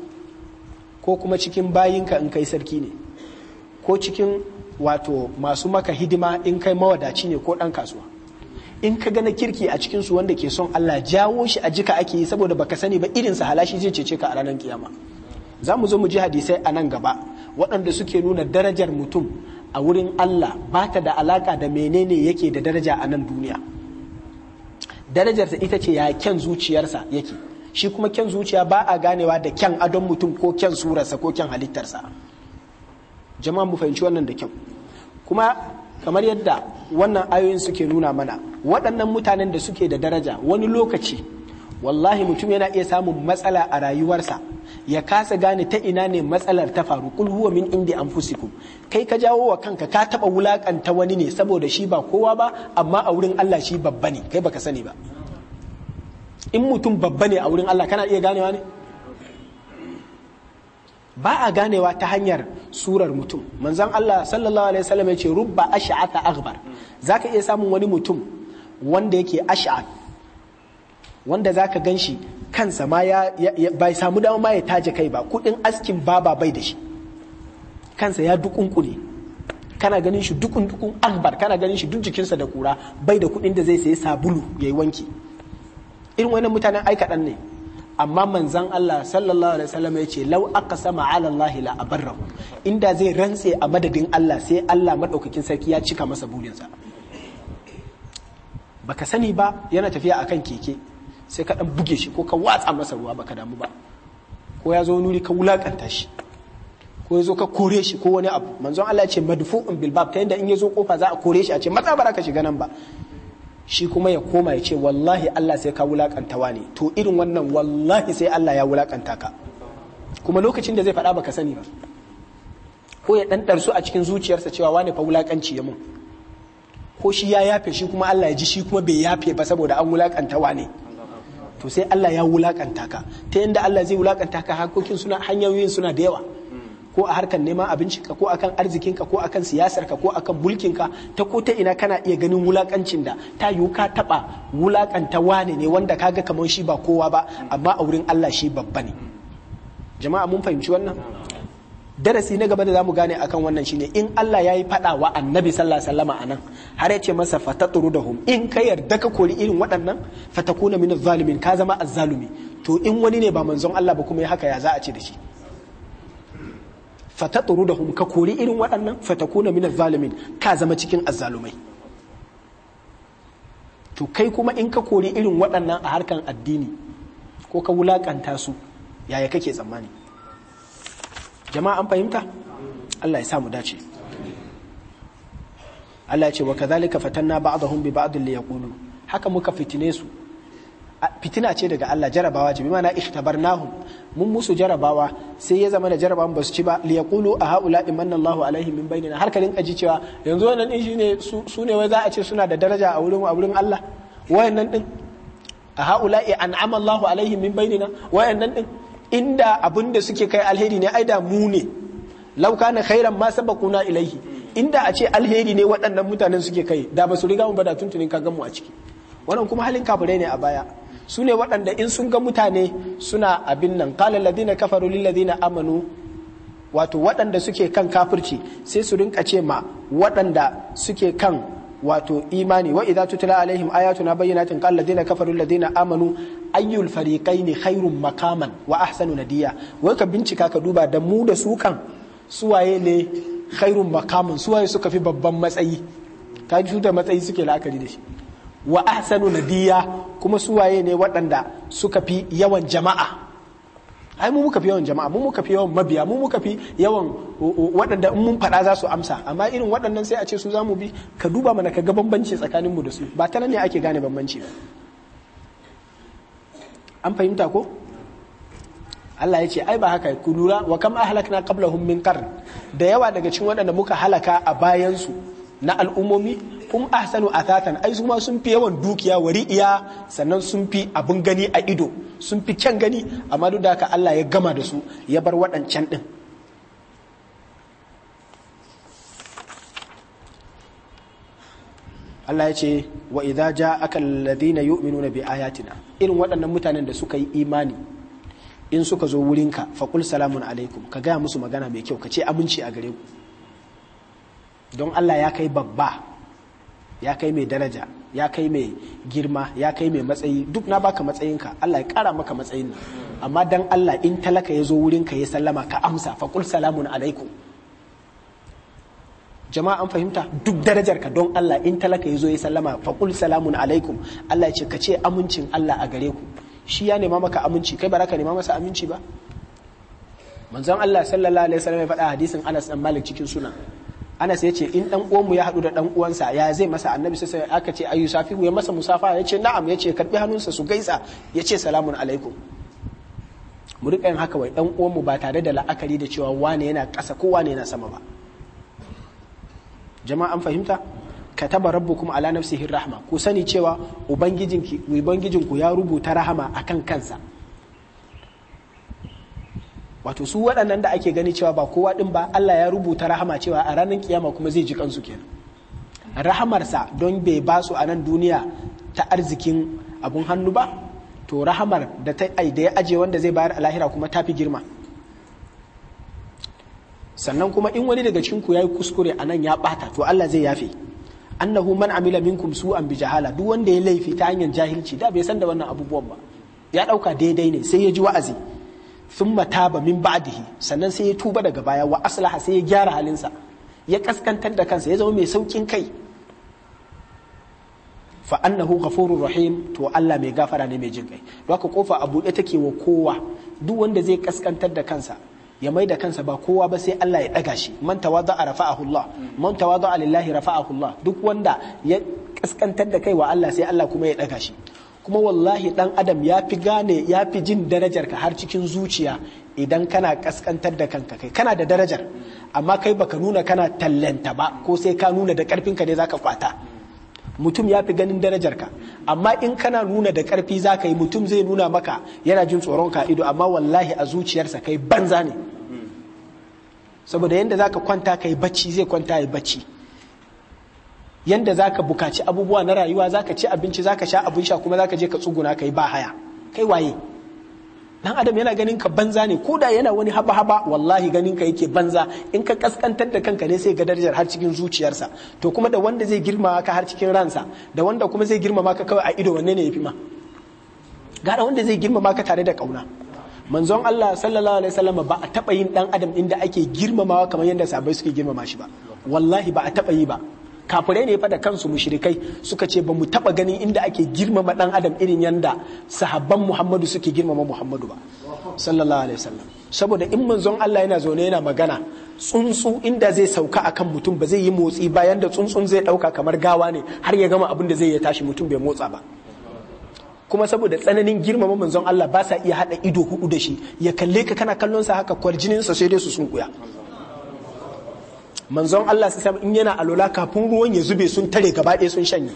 ko kuma cikin bayinka in kai sarki ne ko cikin wato masu maka hidima in kai mawadaci ne ko ɗan kasuwa in ka gana kirki a cikin su wanda ke son Allah jawo shi a jika ake yi saboda baka sani ba irin sa halashi zai cece ka a ranar kiyama za mu zo mu ji hadisai a nan gaba waɗanda suke nuna darajar mutum a wurin Allah ba ta da alaƙa da menene yake da daraja a nan duniya darajarsa ita ce ya kyan zuciyarsa yake shi kuma kyan zuciya ba a ganewa da kyan adon mutum ko kyan surarsa ko kyan halittarsa jama'a mu fahimci wannan da kyau kuma kamar yadda wannan ayoyin suke nuna mana waɗannan mutanen da suke da daraja wani lokaci wallahi mutum yana iya samun matsala a rayuwarsa ya kasa gane ta ina ne matsalar ta faru kul huwa min indi anfusikum kai ka jawo wa kanka ka taba wulakanta wani ne saboda shi ba kowa ba amma a wurin Allah shi babba ne kai baka sani ba in mutum babba ne a wurin Allah kana iya ganewa ne ba a ganewa ta hanyar surar mutum manzon Allah sallallahu alaihi wasallam ya ce rubba ash'atha aghbar zaka iya samun wani mutum wanda yake ash'ath wanda za ka gan shi kansa ma ya, bai samu dama ma ya taje kai ba kudin askin baba bai da shi kansa ya kuri kana ganin shi dukun dukun akbar kana ganin shi duk jikinsa da kura bai da kudin da zai sayi sabulu ya yi wanki irin wani mutanen ai kaɗan ne amma manzan Allah sallallahu alaihi wasallam ya ce lau aka sama ala Allah la abarrahu inda zai rantse a madadin Allah sai Allah madaukakin sarki ya cika masa burinsa baka sani ba yana tafiya a kan keke sai ka dan buge shi ko ka watsa masa ruwa baka damu ba ko ya zo nuri ka wulakanta shi ko ya zo ka kore shi ko wani abu manzon Allah ya ce madfu'un bil bab ta yanda in ya zo kofa za a kore shi a ce matsa ba ka shiga nan ba shi kuma ya koma ya ce wallahi Allah sai ka wulakanta wani to irin wannan wallahi sai Allah ya wulakanta ka kuma lokacin da zai faɗa baka sani ba ko ya ɗan ɗarsu a cikin zuciyarsa cewa wane fa wulaƙanci ya mun ko shi ya yafe shi kuma Allah ya ji shi kuma bai yafe ba saboda an wulaƙanta ne. to sai Allah ya wulakanta ka ta yadda Allah zai wulakanta ka harkokin suna hanyoyin suna da yawa ko a harkar neman abinci ka ko akan arzikin ka ko akan siyasar ka ko akan mulkin ka ta ko ta ina kana iya ganin wulakancin da ta yiwu ka taɓa wulakanta wane ne wanda ka ga kamar shi ba kowa ba amma a wurin Allah shi babba ne jama'a mun fahimci wannan darasi na gaba da zamu gane akan wannan shine in Allah ya yi faɗa wa annabi sallallahu alaihi wasallam anan har ya ce masa fatatrudahum in ka yarda ka kori irin waɗannan fatakuna min zalimin ka zama azzalumi to in wani ne ba manzon Allah ba kuma ya haka ya za a ce da shi fatatrudahum ka kori irin waɗannan fatakuna min zalimin ka zama cikin azzalumai to kai kuma in ka kori irin waɗannan a harkan addini ko ka wulakanta su yaya kake tsammani jama'a an fahimta Allah ya samu dace Allah ya ce wa kazalika fatanna ba'dahum bi ba'd li yaqulu haka muka fitine su fitina ce daga Allah jarabawa ce bi mana ikhtabarnahum mun musu jarabawa sai ya zama da jarabawan basu ci ba li yaqulu a haula imanna Allahu alaihim min bainina har kalin aji cewa yanzu wannan din shine su ne wai za a ce suna da daraja a wurin a wurin Allah wayannan din a haula an'ama Allahu alaihim min bainina wayannan din inda abin da suke kai alheri ne ai da mu ne lauka na khairan ma na ilaihi inda a ce alheri ne waɗannan mutanen suke kai da ba su riga mu ba da tuntunin ka mu a ciki wannan kuma halin kafirai ne a baya su ne waɗanda in sun ga mutane suna abin nan qala alladhina kafaru lil ladina amanu wato waɗanda suke kan kafirci sai su rinka ce ma waɗanda suke kan wato imani wa idza tutla alaihim ayatuna bayyinatin qala ladina kafaru ladina amanu ayyul fariqaini khairum maqaman wa ahsanu nadiya wai ka bincika ka duba da mu da su kan suwaye ne khairun makaman suwaye suka fi babban matsayi ka ji da matsayi suke la'akari da shi wa ahsanu nadiya kuma suwaye ne waɗanda suka fi yawan jama'a ai mu muka fi yawan jama'a mu muka fi yawan mabiya mu muka fi yawan waɗanda in mun faɗa za su amsa amma irin waɗannan sai a ce su za mu bi ka duba mana ka ga bambanci tsakanin mu da su ba ta nan ne ake gane bambanci ba an fahimta ko Allah ya ce ai ba haka ku lura wa kam ahlakna qablahum min qarn da yawa daga cikin waɗanda muka halaka a bayan su na al'umomi hum ahsanu athatan ai su ma sun fi yawan dukiya wari'iya sannan sun fi abun gani a ido sun fi kyan gani amma duk da Allah ya gama da su ya bar waɗancan din Allah ya ce wa idza ja'aka alladhina yu'minuna bi ayatina irin waɗannan mutanen da suka yi imani in suka zo wurinka faqul salamun alaikum ka gaya musu magana mai kyau ka ce aminci a gare ku don Allah ya kai babba ya kai mai daraja ya kai mai girma ya kai mai matsayi duk na baka matsayinka Allah ya kara maka matsayin nan amma dan Allah in talaka ya zo wurinka ya sallama ka amsa fa qul salamun alaikum jama'a an fahimta duk darajar ka don Allah in talaka ya zo ya sallama fa qul salamun alaikum Allah ya ce ka ce amincin Allah a gare ku shi ya nema maka aminci kai baraka nema masa aminci ba manzon Allah sallallahu alaihi wasallam ya faɗa hadisin Anas dan Malik cikin suna. anas ya ce in dan uwanmu ya haɗu da dan uwansa ya zai masa annabi sai aka ce ayu safihu ya masa musafa ya ce na'am ya ce karbi hannunsa su gaisa ya ce salamun alaikum mu rika yin haka wai dan uwanmu ba tare da la'akari da cewa wane yana kasa ko wane yana sama ba jama'a an fahimta kataba rabbukum ala nafsihi rahma ku sani cewa ubangijinki ubangijinku ya rubuta rahama akan kansa wato su waɗannan da ake gani cewa ba kowa ɗin ba Allah ya rubuta rahama cewa a ranar kiyama kuma zai ji kansu kenan rahamarsa don bai ba su a nan duniya ta arzikin abun hannu ba to rahamar da ta da ya aje wanda zai bayar a lahira kuma ta girma sannan kuma in wani daga cikin ku yi kuskure a nan ya bata to Allah zai yafe annahu man amila minkum su'an bi jahala duk wanda ya laifi ta hanyar jahilci da bai san da wannan abubuwan ba ya dauka daidai ne sai ya ji wa'azi thumma ba min ba'dihi sannan sai ya tuba daga baya wa aslaha sai ya gyara halinsa ya kaskantar da kansa ya zama mai saukin kai fa annahu ghafurur rahim to Allah mai gafara ne mai jin kai haka kofa a buɗe take wa kowa duk wanda zai kaskantar da kansa ya mai da kansa ba kowa ba sai Allah ya daga shi man tawadu a rafa'ahu Allah man tawadu a lillahi rafa'ahu Allah duk wanda ya kaskantar da kai wa Allah sai Allah kuma ya ɗaga shi kuma wallahi dan adam ya fi gane ya fi jin darajarka har cikin zuciya idan kana kaskantar da kanka kai kana da darajar amma kai baka nuna kana tallanta ba ko sai ka nuna da karfin ka ne zaka kwata mutum ya fi ganin darajarka amma in kana nuna da karfi zaka yi mutum zai nuna maka yana jin tsoron ka ido amma wallahi a zuciyarsa kai banza ne saboda yanda zaka kwanta kai bacci zai kwanta ya bacci yanda za ka bukaci abubuwa na rayuwa za ka ci abinci za ka sha abin sha kuma za ka je ka tsuguna ka yi ba haya kai waye dan adam yana ganin ka banza ne ko da yana wani haba haba wallahi ganin ka yake banza in ka kaskantar da kanka ne sai ga darajar har cikin zuciyarsa to kuma da wanda zai girma ka har cikin ransa da wanda kuma zai girma ka kawai a ido wanne ne yafi ma gara wanda zai girmama ka tare da kauna manzon Allah sallallahu alaihi wasallam ba a taba yin dan adam inda ake girmamawa kamar yadda sabai suke girmama shi ba wallahi ba a taba yi ba kafirai ne fa da kansu mushrikai suka ce ba mu taba ganin inda ake girmama dan adam irin yanda sahabban Muhammadu suke girmama Muhammadu ba sallallahu alaihi wasallam saboda in manzon Allah yana zaune yana magana tsuntsu inda zai sauka akan mutum ba zai yi motsi bayan da tsuntsu zai dauka kamar gawa ne har ya gama abin da zai ya tashi mutum bai motsa ba kuma saboda tsananin girmama manzon Allah ba sa iya hada ido hudu da shi ya kalle ka kana kallon sa haka kwarjinin sa sai dai su sunkuya manzon Allah sai in yana alola kafin ruwan ya zube sun tare gaba ɗaya sun shanye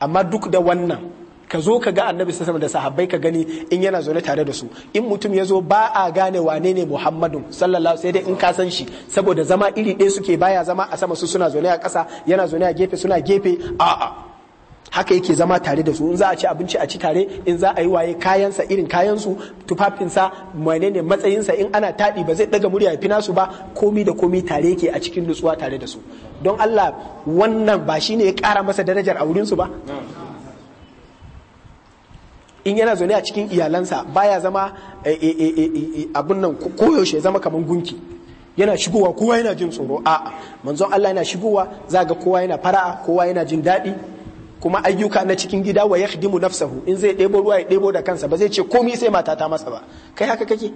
amma duk da wannan ka zo ka ga annabi sai da sahabbai ka gani in yana zaune tare da su in mutum ya zo ba a gane wane ne muhammadu sallallahu sai dai in ka san shi saboda zama iri ɗaya suke baya zama a sama su suna zaune a ƙasa yana zaune a gefe suna gefe a'a haka yake zama tare da su in za a ci abinci a ci tare in za a yi waye kayansa irin kayansu tufafinsa ne matsayinsa in ana taɗi ba zai ɗaga murya ya fi nasu ba komi da komi tare yake a cikin nutsuwa tare da su don Allah wannan ba shi ne ya ƙara masa darajar a wurinsu ba in yana zaune a cikin iyalansa baya zama eh, eh, eh, abin nan koyaushe zama kamar gunki yana shigowa kowa yana jin tsoro a'a manzon Allah yana shigowa za ga kowa yana fara'a kowa yana jin daɗi kuma ayyuka na cikin gida wa yakhdimu nafsahu in zai ɗebo ruwa ya ɗebo da kansa ba zai ce komi sai mata ta masa ba kai haka kake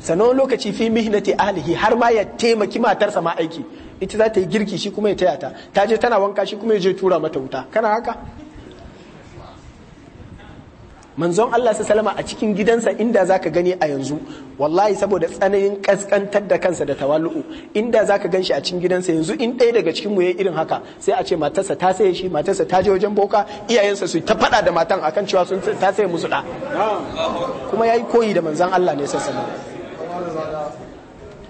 sanon lokaci fi mihnati ahlihi har ma ya taimaki matarsa ma aiki ita za ta yi girki shi kuma ya taya ta ta je tana wanka shi kuma ya je tura mata wuta kana haka manzon Allah su salama a cikin gidansa inda zaka gani a yanzu wallahi saboda tsananin kaskantar da kansa da tawalu'u inda zaka gan shi a cikin gidansa yanzu in ɗaya daga cikinmu ya yi irin haka sai a ce matarsa ta saye shi matarsa ta je wajen boka iyayensa su ta faɗa da matan akan cewa sun ta saye musu da kuma yayi koyi da manzon Allah ne sallallahu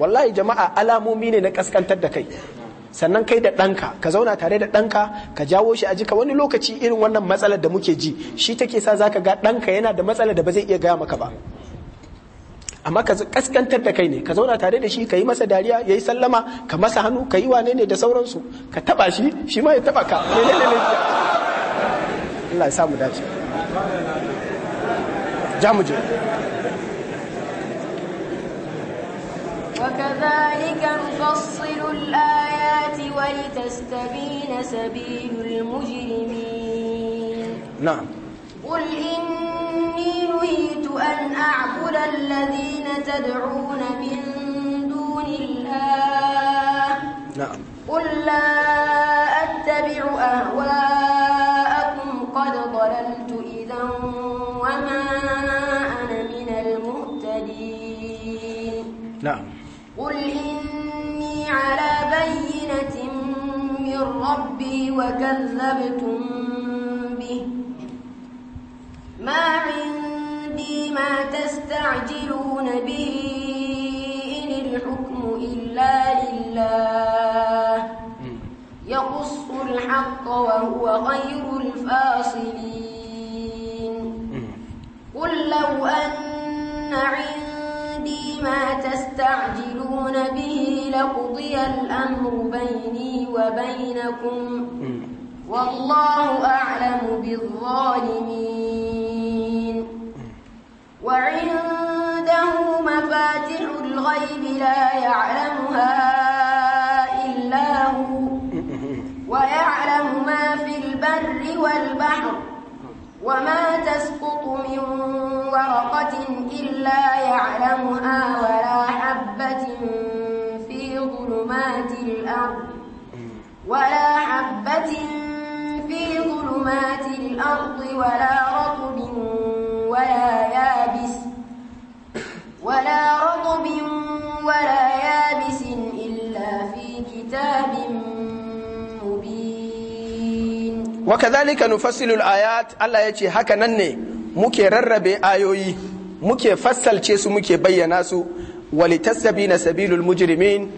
wallahi jama'a alamomi ne na kaskantar da kai sannan kai da ɗanka ka zauna tare da ɗanka ka jawo shi a jika wani lokaci irin wannan matsalar da muke ji shi take sa zaka ga ɗanka yana da matsalar da ba zai iya gaya maka ba amma ka kaskantar da kai ne ka zauna tare da shi ka yi masa dariya ya yi sallama ka masa hannu ka yi wane ne da sauransu ka taba shi shi ma ya taba ka Allah ya samu dace وكذلك نفصل الآيات ولتستبين سبيل المجرمين نعم قل إني نهيت أن أعبد الذين تدعون من دون الله نعم قل لا أتبع أهواءكم قد ضللت إذا وما أنا من المهتدين نعم من ربي وكذبتم به ما عندي ما تستعجلون به إن الحكم إلا لله يقص الحق وهو خير الفاصلين قل لو أن عندي بما تستعجلون به لقضي الأمر بيني وبينكم والله أعلم بالظالمين وعنده مفاتح الغيب لا يعلمها إلا هو ويعلم ما في البر والبحر وما تسقط من ورقة إلا يعلمها ولا حبة في ظلمات الأرض ولا حبة في ظلمات الأرض ولا wa kadhalika nufassilu ayat Allah yace haka nan ne muke rarrabe ayoyi muke fassalce su muke bayyana su walitastabina sabilul mujrimin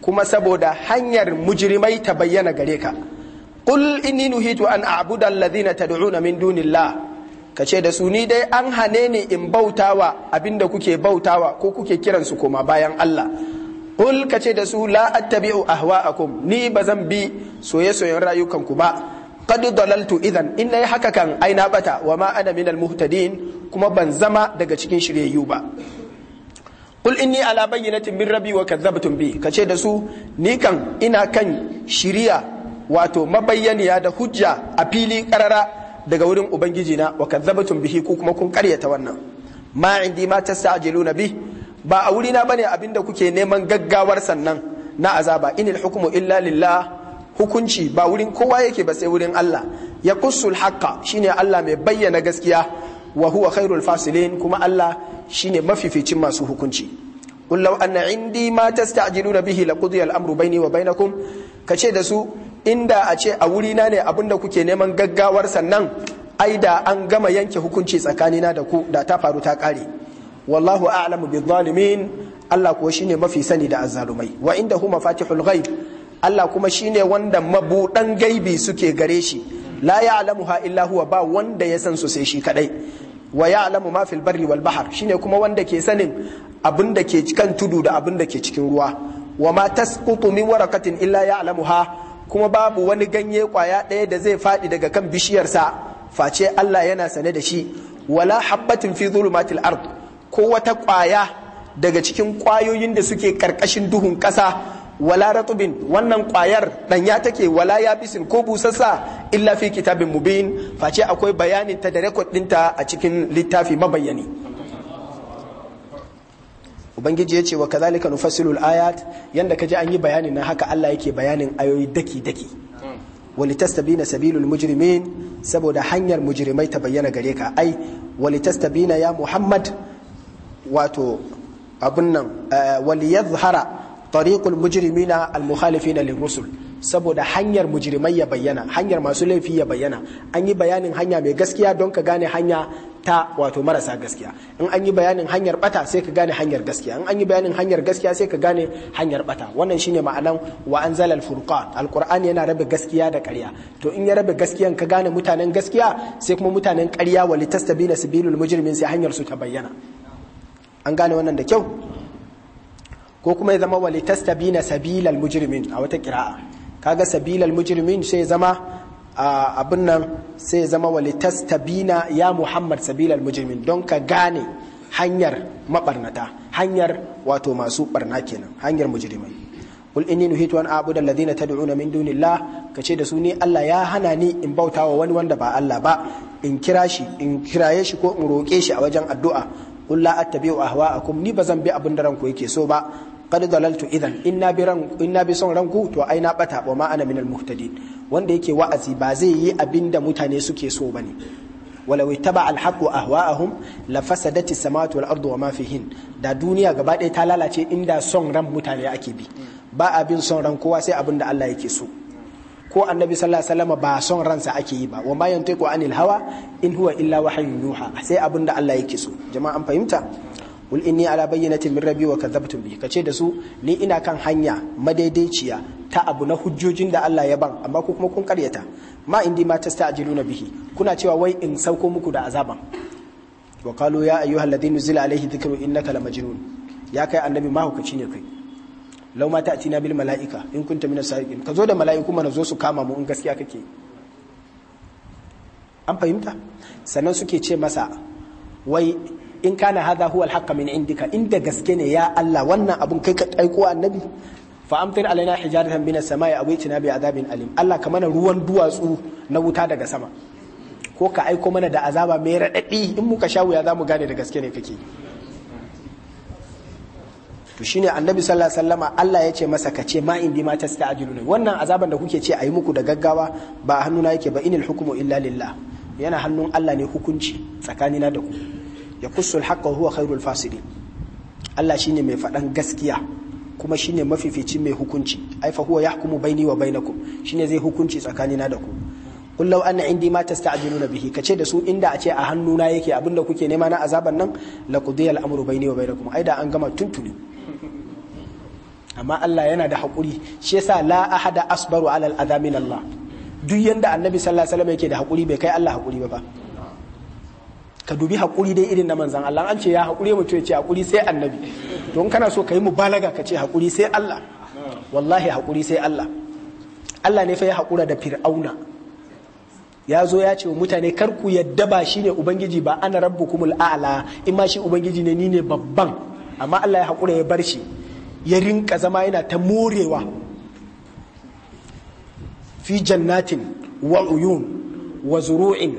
kuma saboda hanyar mujrimai ta bayyana gare ka qul inni nuhitu an a'budu alladhina tad'una min dunillah kace da su ni dai an hane ni in bautawa abinda kuke bautawa ko kuke kiransu koma bayan Allah qul kace da su la attabi'u ahwa'akum ni bazan bi soye-soyen rayukanku ba qad dalaltu idan in nayi haka kan ai na bata wa ma ana minal muhtadin kuma ban zama daga cikin shiryayyu ba qul inni ala bayyinatin min rabbi wa kadzabtum bi kace da su ni kan ina kan shiriya wato mabayyaniya da hujja a fili karara daga wurin ubangiji na wa kadzabtum bihi ku kuma kun karyata wannan ma indi ma tasajiluna bi ba a wurina bane abinda kuke neman gaggawar sannan na azaba inil hukmu illa lillah hukunci ba wurin kowa yake ba sai wurin Allah ya kusul haqqa shine Allah mai bayyana gaskiya wa huwa khairul fasilin kuma Allah shine mafificin masu hukunci qul law anna indi ma tasta'jiluna bihi laqudiya al-amru bayni wa bainakum kace da su inda a ce a wurina ne abinda kuke neman gaggawar sannan ai da an gama yanke hukunci tsakanina da ku da ta faru ta kare wallahu a'lamu bi zalimin Allah kuwa shine mafi sani da azzalumai wa huma fatihul ghaib Allah kuma shine wanda mabudan gaibi suke gare shi la ha, illa huwa ba wanda ya san su sai shi kadai wa ya'lamu ma fil barri wal bahr shine kuma wanda ke sanin abin da ke kan tudu da abin da ke cikin ruwa wa ma tasqutu min warakatin illa ya'lamuha kuma babu wani ganye kwaya ɗaya da zai faɗi daga kan bishiyarsa face Allah yana sane da shi wala habbatin fi zulumatil ard ko wata kwaya daga cikin kwayoyin da suke karkashin duhun ƙasa wala ratubin wannan kwayar ɗanya take wala yabisin ko busassa illa fi kitabin mubin face akwai bayanin ta da rekod ɗinta a cikin littafi mabayani ubangiji ya ce wa kazalika nufassilul ayat yanda kaji an yi bayani na haka Allah yake bayanin ayoyi daki daki walitastabina sabilul mujrimin saboda hanyar mujrimai ta bayyana gare ka ai walitastabina ya muhammad wato abun nan eh, tariqul mujrimina al mukhalifina na rusul saboda hanyar mujrimai ya bayyana hanyar masu laifi ya bayyana an yi bayanin hanya mai gaskiya don ka gane hanya ta wato marasa gaskiya in an yi bayanin hanyar bata sai ka gane hanyar gaskiya in an yi bayanin hanyar gaskiya sai ka gane hanyar bata wannan shine ma'anan wa anzala al-furqan yana rabe gaskiya da ƙarya to in ya rabe gaskiyan ka gane mutanen gaskiya sai kuma mutanen ƙarya walitastabina sabilul mujrimin sai hanyar su ta bayyana an gane wannan da kyau ko kuma ya zama wali tastabina sabilal mujrimin a wata kira'a kaga sabilal mujrimin sai zama abin nan sai zama wali tastabina ya muhammad sabilal mujrimin don ka gane hanyar mabarnata hanyar wato masu barna kenan hanyar mujrimai kul inni nuhitu an a'budu alladhina tad'una min dunillah kace da su ni Allah ya hana ni in bauta wa wani wanda ba Allah ba in kira shi in kiraye shi ko in roke shi a wajen addu'a a la attabi'u ahwa'akum ni bazan bi abin da ranku yake so ba qad dalaltu idan inna bi ran inna son ranku to ai na bata ba ma ana minal muhtadin wanda yake wa'azi ba zai yi abinda mutane suke so ba bane walau ittaba a ahwa'ahum lafasadati samawati wal ardu ma fihin da duniya gaba ɗaya ta lalace inda son ran mutane ake bi ba abin son ran kowa sai abin da Allah yake so ko annabi sallallahu alaihi wasallam ba son ransa ake yi ba wa ma yantiqu anil hawa in huwa illa wahyun yuha sai abin da Allah yake so jama'an fahimta kul inni ala bayyinatin min rabbi wa kadzabtum bi kace da su ni ina kan hanya madaidaiciya ta abu na hujjojin da Allah ya ban amma ku kuma kun karyata ma indi ma tasta'jiluna bihi kuna cewa wai in sauko muku da azaban wa qalu ya ayyuhal ladhina zila alayhi dhikru innaka majnun ya kai annabi ma hukaci ne kai law ma ta'tina bil malaika in kunta as-sa'iqin ka zo da mala'iku mana zo su kama mu in gaskiya kake an fahimta sannan suke ce masa wai in kana hada huwa alhaqqa min indika inda gaske ne ya Allah wannan abun kai ka aiko annabi fa amtir alaina hijaratan min as-samai aw itina bi adabin alim Allah ka mana ruwan duwatsu na wuta daga sama ko ka aiko mana da azaba mai radadi in muka sha wuya zamu gane da gaske ne kake to shine annabi sallallahu alaihi wasallama Allah ya ce masa ka ce ma indi ma ne, wannan azaban da kuke ce ayi muku da gaggawa ba hannuna yake ba inil hukmu illa lillah yana hannun Allah ne hukunci tsakanina da ku ya kusul haka huwa khairul fasidi Allah shine mai faɗan gaskiya kuma shine mafificin mai hukunci ai huwa ya baini wa bainakum shine zai hukunci tsakanina da ku qul an anna indi ma tasta'jiluna bihi kace da su inda a ce a hannuna yake abinda kuke nema na azaban nan la qudiya amru baini wa bainakum ai da an gama tuntuni amma Allah yana da hakuri shi yasa la ahada asbaru ala al Allah duk yanda annabi sallallahu alaihi wasallam yake da hakuri bai kai Allah hakuri ba ba ka dubi haƙuri dai irin na manzan Allah an ce ya haƙuri mutum ya ce haƙuri sai annabi don kana so ka yi mubalaga ka ce haƙuri sai Allah wallahi haƙuri sai Allah Allah ne fa ya haƙura da fir'auna ya zo ya ce wa mutane karku ku yadda ba ne ubangiji ba ana rabbukumul a'la in ma shi ubangiji ne ni ne babban amma Allah ya haƙura ya bar shi ya rinka zama yana ta morewa fi jannatin wa wa zuru'in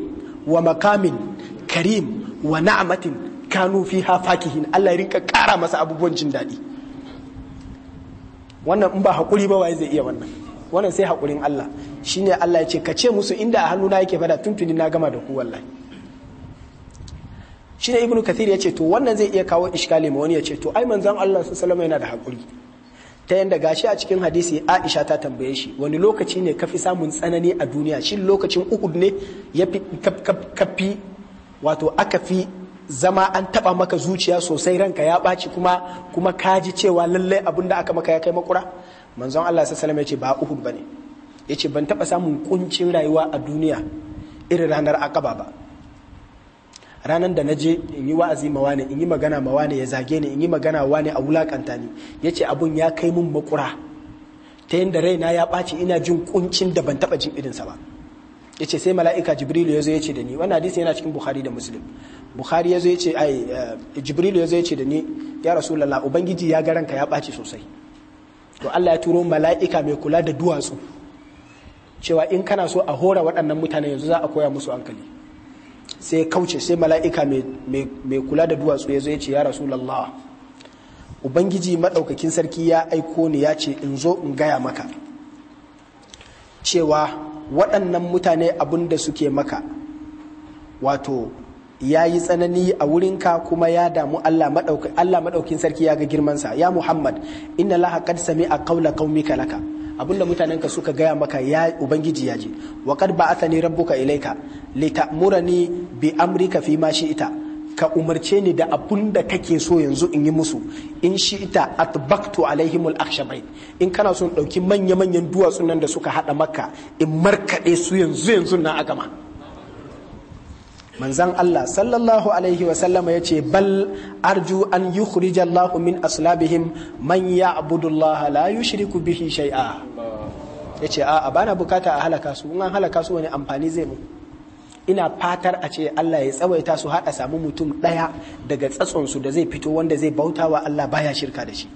wa makamin karim wa na'amatin kanu fiha fakihin Allah ya rinka kara masa abubuwan jin daɗi wannan in ba hakuri ba waye zai iya wannan wannan sai hakurin Allah shine Allah ya ce ka ce musu inda a hannuna yake fada tuntuni na gama da ku wallahi shine ibnu kathir ya ce to wannan zai iya kawo iskali ma wani ya ce to ai manzon Allah sallallahu alaihi yana da hakuri ta yanda gashi a cikin hadisi Aisha ta tambaye shi wani lokaci ne kafi samun tsanani a duniya shin lokacin uku ne ya fi wato aka fi zama an taba maka zuciya sosai ranka ya ɓaci kuma kuma ka cewa lallai abin da aka maka ya kai makura manzon Allah sai salama ya ce ba uhud bane ya ce ban taba samun kuncin rayuwa a duniya irin ranar akaba ba ranar da na je in yi wa'azi ma wani in yi magana ma wani ya zage ni in yi magana wani a wulakanta ni ya ce abun ya kai mun makura ta yadda raina ya ɓaci ina jin kuncin da ban taba jin irinsa ba yace sai mala'ika jibrilu ya zo ya ce da ni wannan hadisi yana cikin bukhari da muslim bukhari ya ce ai eh, jibrilu ya ce da ni ya lalla ubangiji ya garan ka ya ɓaci sosai to Allah ya turo mala'ika mai kula da duwatsu cewa in kana so a hora waɗannan mutane yanzu za a koya musu hankali sai kauce sai mala'ika mai kula da duwatsu ya zo ya ce ya rasulallah ubangiji maɗaukakin sarki ya aiko ni ya ce in zo in gaya maka cewa waɗannan mutane abin da suke maka wato ya yi tsanani a wurinka kuma ya damu Allah maɗaukin sarki ya ga girmansa ya Muhammad inna laha qad a qawla qaumika laka abinda mutanenka suka gaya maka ya ubangiji ya ji wa qad ba'athani rabbuka lita litamurani bi amrika fi ma ita. ka umarce ni da abun da kake so yanzu in yi musu in shi ita atbaktu alaihimul akhshabai in kana son ɗauki manya-manyan duwatsu nan da suka haɗa maka in markaɗe su yanzu yanzu na a manzan Allah sallallahu alaihi wa ya ce bal arju an yukhrijallahu min aslabihim man ya'budu Allah la yushriku bihi shai'a. ya ce bana bukata a halaka su in an halaka su wani amfani zai mu ina fatar a ce Allah ya tsawaita su haɗa samu mutum ɗaya daga tsatsonsu da zai fito wanda zai bauta wa Allah baya shirka da shi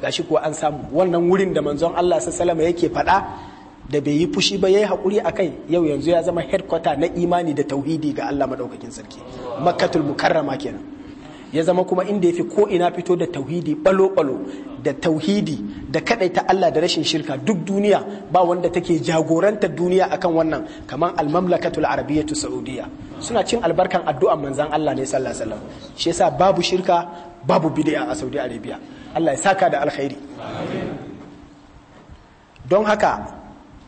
gashi kuwa an samu wannan wurin da manzon Allah sallama yake faɗa da bai yi fushi ba ya yi haƙuri a kai yau yanzu ya zama headquarter na imani da tauhidi ga Allah maɗaukakin sarki makatul mukarrama kenan ya zama kuma inda ya fi ko ina fito da tauhidi balo-balo da tauhidi da ta Allah da rashin shirka duk duniya ba wanda take jagoranta duniya akan wannan kamar al-mamlakatul arabiyyatu saudiya suna cin albarkan addu'an manzan Allah ne sallallahu alaihi wasallam shi yasa babu shirka babu bid'a a Saudi Arabia Allah ya saka da alkhairi don haka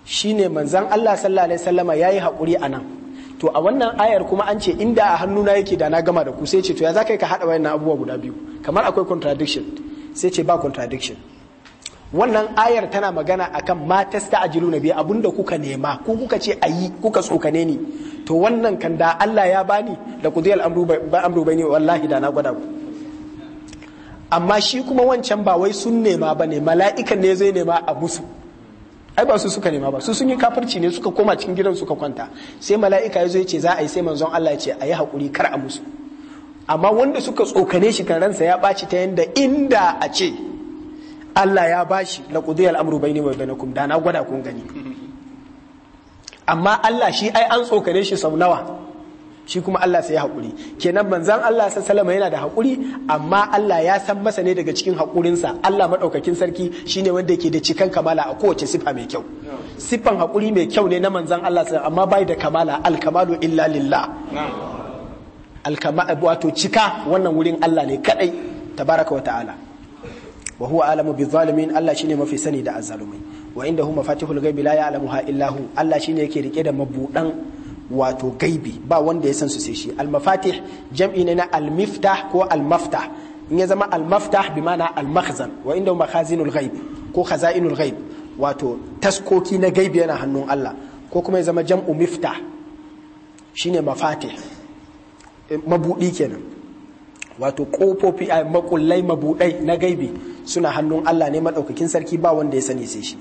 shine manzan Allah sallallahu alaihi wasallama yayi hakuri anan to a wannan ayar kuma an ce inda a hannuna yake da na gama da ku sai ce to ya zaka yi ka haɗa wayannan abubuwa guda biyu kamar akwai contradiction sai ce ba contradiction wannan ayar tana magana akan ma ajilu nabi abinda kuka nema ko kuka ce ayi kuka tsokane ni to wannan kan da Allah ya bani da kudiyal amru ba amru bani wallahi da na gwada ku amma shi kuma wancan ba wai sun nema bane mala'ikan ne zai nema a musu ai ba su suka nema ba su sun yi kafirci ne suka koma cikin gidan suka kwanta sai mala'ika ya zo ya ce za a yi sai manzon Allah ya ce a yi haƙuri kar a musu amma wanda suka tsokane shi kan ransa ya ɓaci ta yanda inda a ce Allah ya bashi la qudiyal amru baini wa bainakum da na gwada kun gani amma Allah shi ai an tsokane shi sau nawa shi kuma Allah sai ya haƙuri kenan manzan Allah sa salama yana da haƙuri amma Allah ya san masa ne daga cikin haƙurinsa Allah maɗaukakin sarki shine wanda yake da cikan kamala a kowace sifa mai kyau siffan haƙuri mai kyau ne na manzan Allah sa amma bai da kamala alkamalu illa lillah wato cika wannan wurin Allah ne kadai tabaraka wa ta'ala wa huwa alamu bi zalimin Allah shine mafi sani da azzalumai wa indahu mafatihul ghaibi la ya'lamuha illa hu Allah shine yake rike da mabudan wato gaibi ba wanda ya san su sai shi jam'i ne na al ko almafta in ya zama almafta bi ma'ana al-makhzan wa inda makhazinul ghaib ko khazainul ghaib wato taskoki na gaibi yana hannun Allah ko kuma ya zama jam'u miftah shine mafatih eh, mabudi kenan wato kofofi a eh, makullai mabudai na gaibi suna hannun Allah ne madaukakin sarki ba wanda ya sani sai shi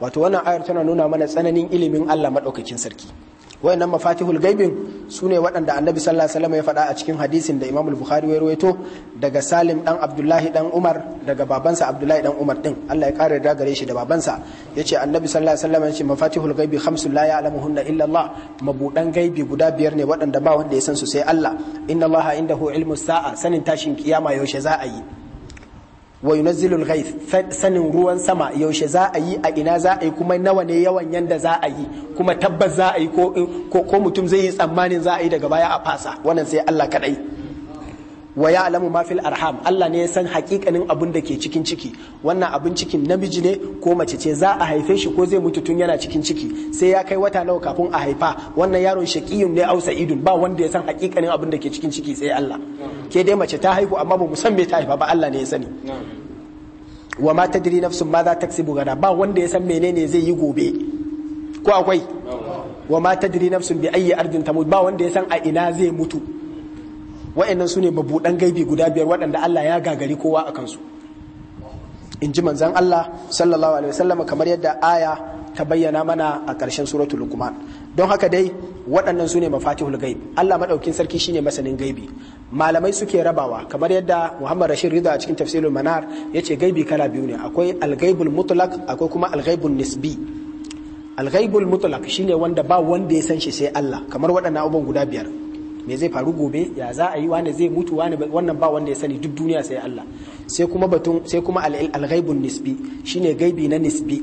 wato wannan ayar tana nuna mana tsananin ilimin Allah madaukakin sarki wayannan mafatihul gaibin ne waɗanda annabi sallallahu alaihi wasallam ya faɗa a cikin hadisin da imamul bukhari ya rawaito daga salim dan abdullahi dan umar daga babansa abdullahi dan umar din Allah ya kare da gare shi da babansa ya ce annabi sallallahu alaihi wasallam ce mafatihul gaibi khamsul la ya'lamuhunna illa Allah mabudan gaibi guda biyar ne waɗanda ba wanda ya san su sai Allah inna Allah indahu ilmus sa'a sanin tashin kiyama yaushe za a yi wa al-ghayth sanin ruwan sama yaushe za a yi a ina za a yi kuma nawa ne yawan yanda za a yi kuma tabbas za a yi ko ko mutum zai yi tsammanin za a yi daga baya a fasa wannan sai Allah kadai wa ya ma mafil arham Allah ne ya san hakikanin abin da ke cikin ciki wannan abin cikin namiji ne ko mace ce za a haife shi ko zai mutu tun yana cikin ciki sai ya kai wata nawa kafin a haifa wannan yaron shaqiyun ne ausa idun ba wanda ya san hakikanin abin da ke cikin ciki sai Allah ke dai mace ta haihu amma ba mu san me ta haifa ba Allah ne ya sani wa ma tadri nafsun ma za taksibu gada ba wanda ya san menene zai yi gobe ko akwai wa ma tadri nafsun bi ayyi ardin tamut ba wanda ya san a ina zai mutu wa'annan su ne babuɗan gaibi guda biyar waɗanda Allah ya gagari kowa a kansu in ji manzan Allah sallallahu alaihi wasallam kamar yadda aya ta bayyana mana a ƙarshen suratul luqman don haka dai waɗannan su ne mafatihul gaib Allah maɗaukin sarki shine masanin gaibi malamai suke rabawa kamar yadda Muhammad Rashid Rida a cikin tafsirul manar yace gaibi kala biyu ne akwai algaibul mutlaq akwai kuma algaibun nisbi algaibul mutlaq ne wanda ba wanda ya san shi sai Allah kamar waɗannan abubuwan guda biyar me zai faru gobe ya za a yi wani zai mutu wani wannan ba wanda ya sani duk duniya sai Allah sai kuma batun sai kuma al-ghaibun nisbi shine gaibi na nisbi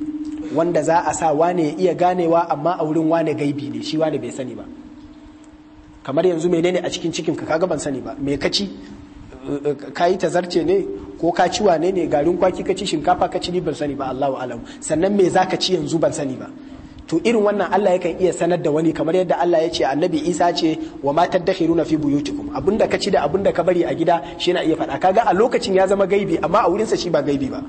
wanda za a sa wane ya iya ganewa amma a wurin wane gaibi ne shi wane bai sani ba kamar yanzu menene a cikin cikin ka kaga ban sani ba me kaci kayi tazarce ne ko ka ci wane ne garin kwaki kaci shinkafa kaci ni ban sani ba Allahu alam sannan me ka ci yanzu ban sani ba to irin wannan Allah yakan iya sanar da wani kamar yadda Allah ya ce annabi Isa ce wa ma tadakhiruna fi buyutikum abinda ka ci da abinda ka bari a gida shi na iya faɗa kaga a lokacin ya zama gaibi amma a wurinsa shi ba gaibi ba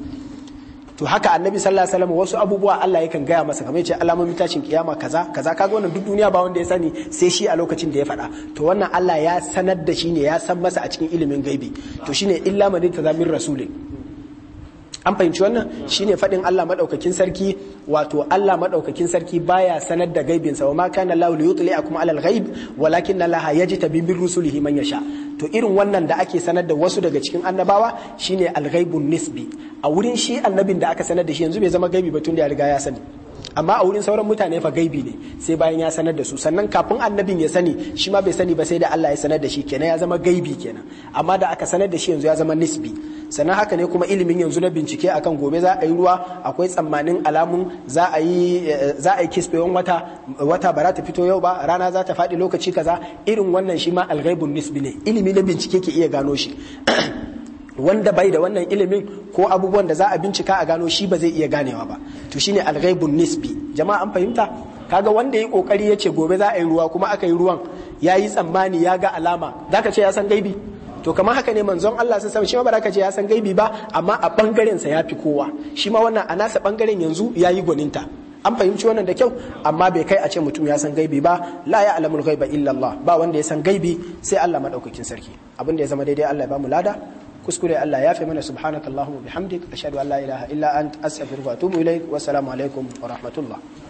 to haka annabi sallallahu alaihi wasallam wasu abubuwa Allah yakan gaya masa kamar yace alamomin tashin kiyama kaza kaza kaga wannan duk duniya ba wanda ya sani sai shi a lokacin da ya faɗa to wannan Allah ya sanar da shi ne ya san masa a cikin ilimin gaibi to shine illa man tazamin rasulin an fahimci wannan shine faɗin Allah maɗaukakin sarki wato Allah maɗaukakin sarki baya sanar da gaibin sa ma kana Allah li kuma alal ghaib walakin Allah yajtabi bi rusulihi man yasha to irin wannan da ake sanar da wasu daga cikin annabawa shine algaibun nisbi a wurin shi annabin da aka sanar da shi yanzu bai zama gaibi ba tun da ya riga ya sani amma a wurin sauran mutane fa gaibi ne sai bayan ya sanar da su sannan kafin annabin ya sani shi ma bai sani ba sai da Allah ya sanar da shi kenan ya zama gaibi kenan amma da aka sanar da shi yanzu ya zama nisbi sannan haka ne kuma ilimin yanzu na bincike akan gobe za a yi ruwa akwai tsammanin alamun za a yi eh, za wata wata ba za ta fito yau ba rana za ta faɗi lokaci kaza irin wannan shi ma algaibun nisbi ne ilimi na bincike ke iya gano shi wanda bai da wannan ilimin ko abubuwan da za a bincika a gano shi ba zai iya ganewa ba to shine algaibun nisbi jama'a an fahimta kaga wanda ya kokari ya ce gobe za a yi ruwa kuma aka yi ruwan ya yi tsammani ya ga alama zaka ce ya san gaibi to kamar haka ne manzon Allah sun sami shi ma baraka ce ya san gaibi ba amma a bangaren sa ya fi kowa shi ma wannan a nasa bangaren yanzu ya yi gwaninta an fahimci wannan da kyau amma bai kai a ce mutum ya san gaibi ba la ya alamul ghaiba illa Allah ba wanda ya san gaibi sai Allah madaukakin sarki abin da ya zama daidai Allah ya bamu lada kuskure Allah ya fi mana subhanakallahumma bihamdik ashhadu an la ilaha illa ant astaghfiruka wa atubu ilaik wa assalamu alaikum wa rahmatullah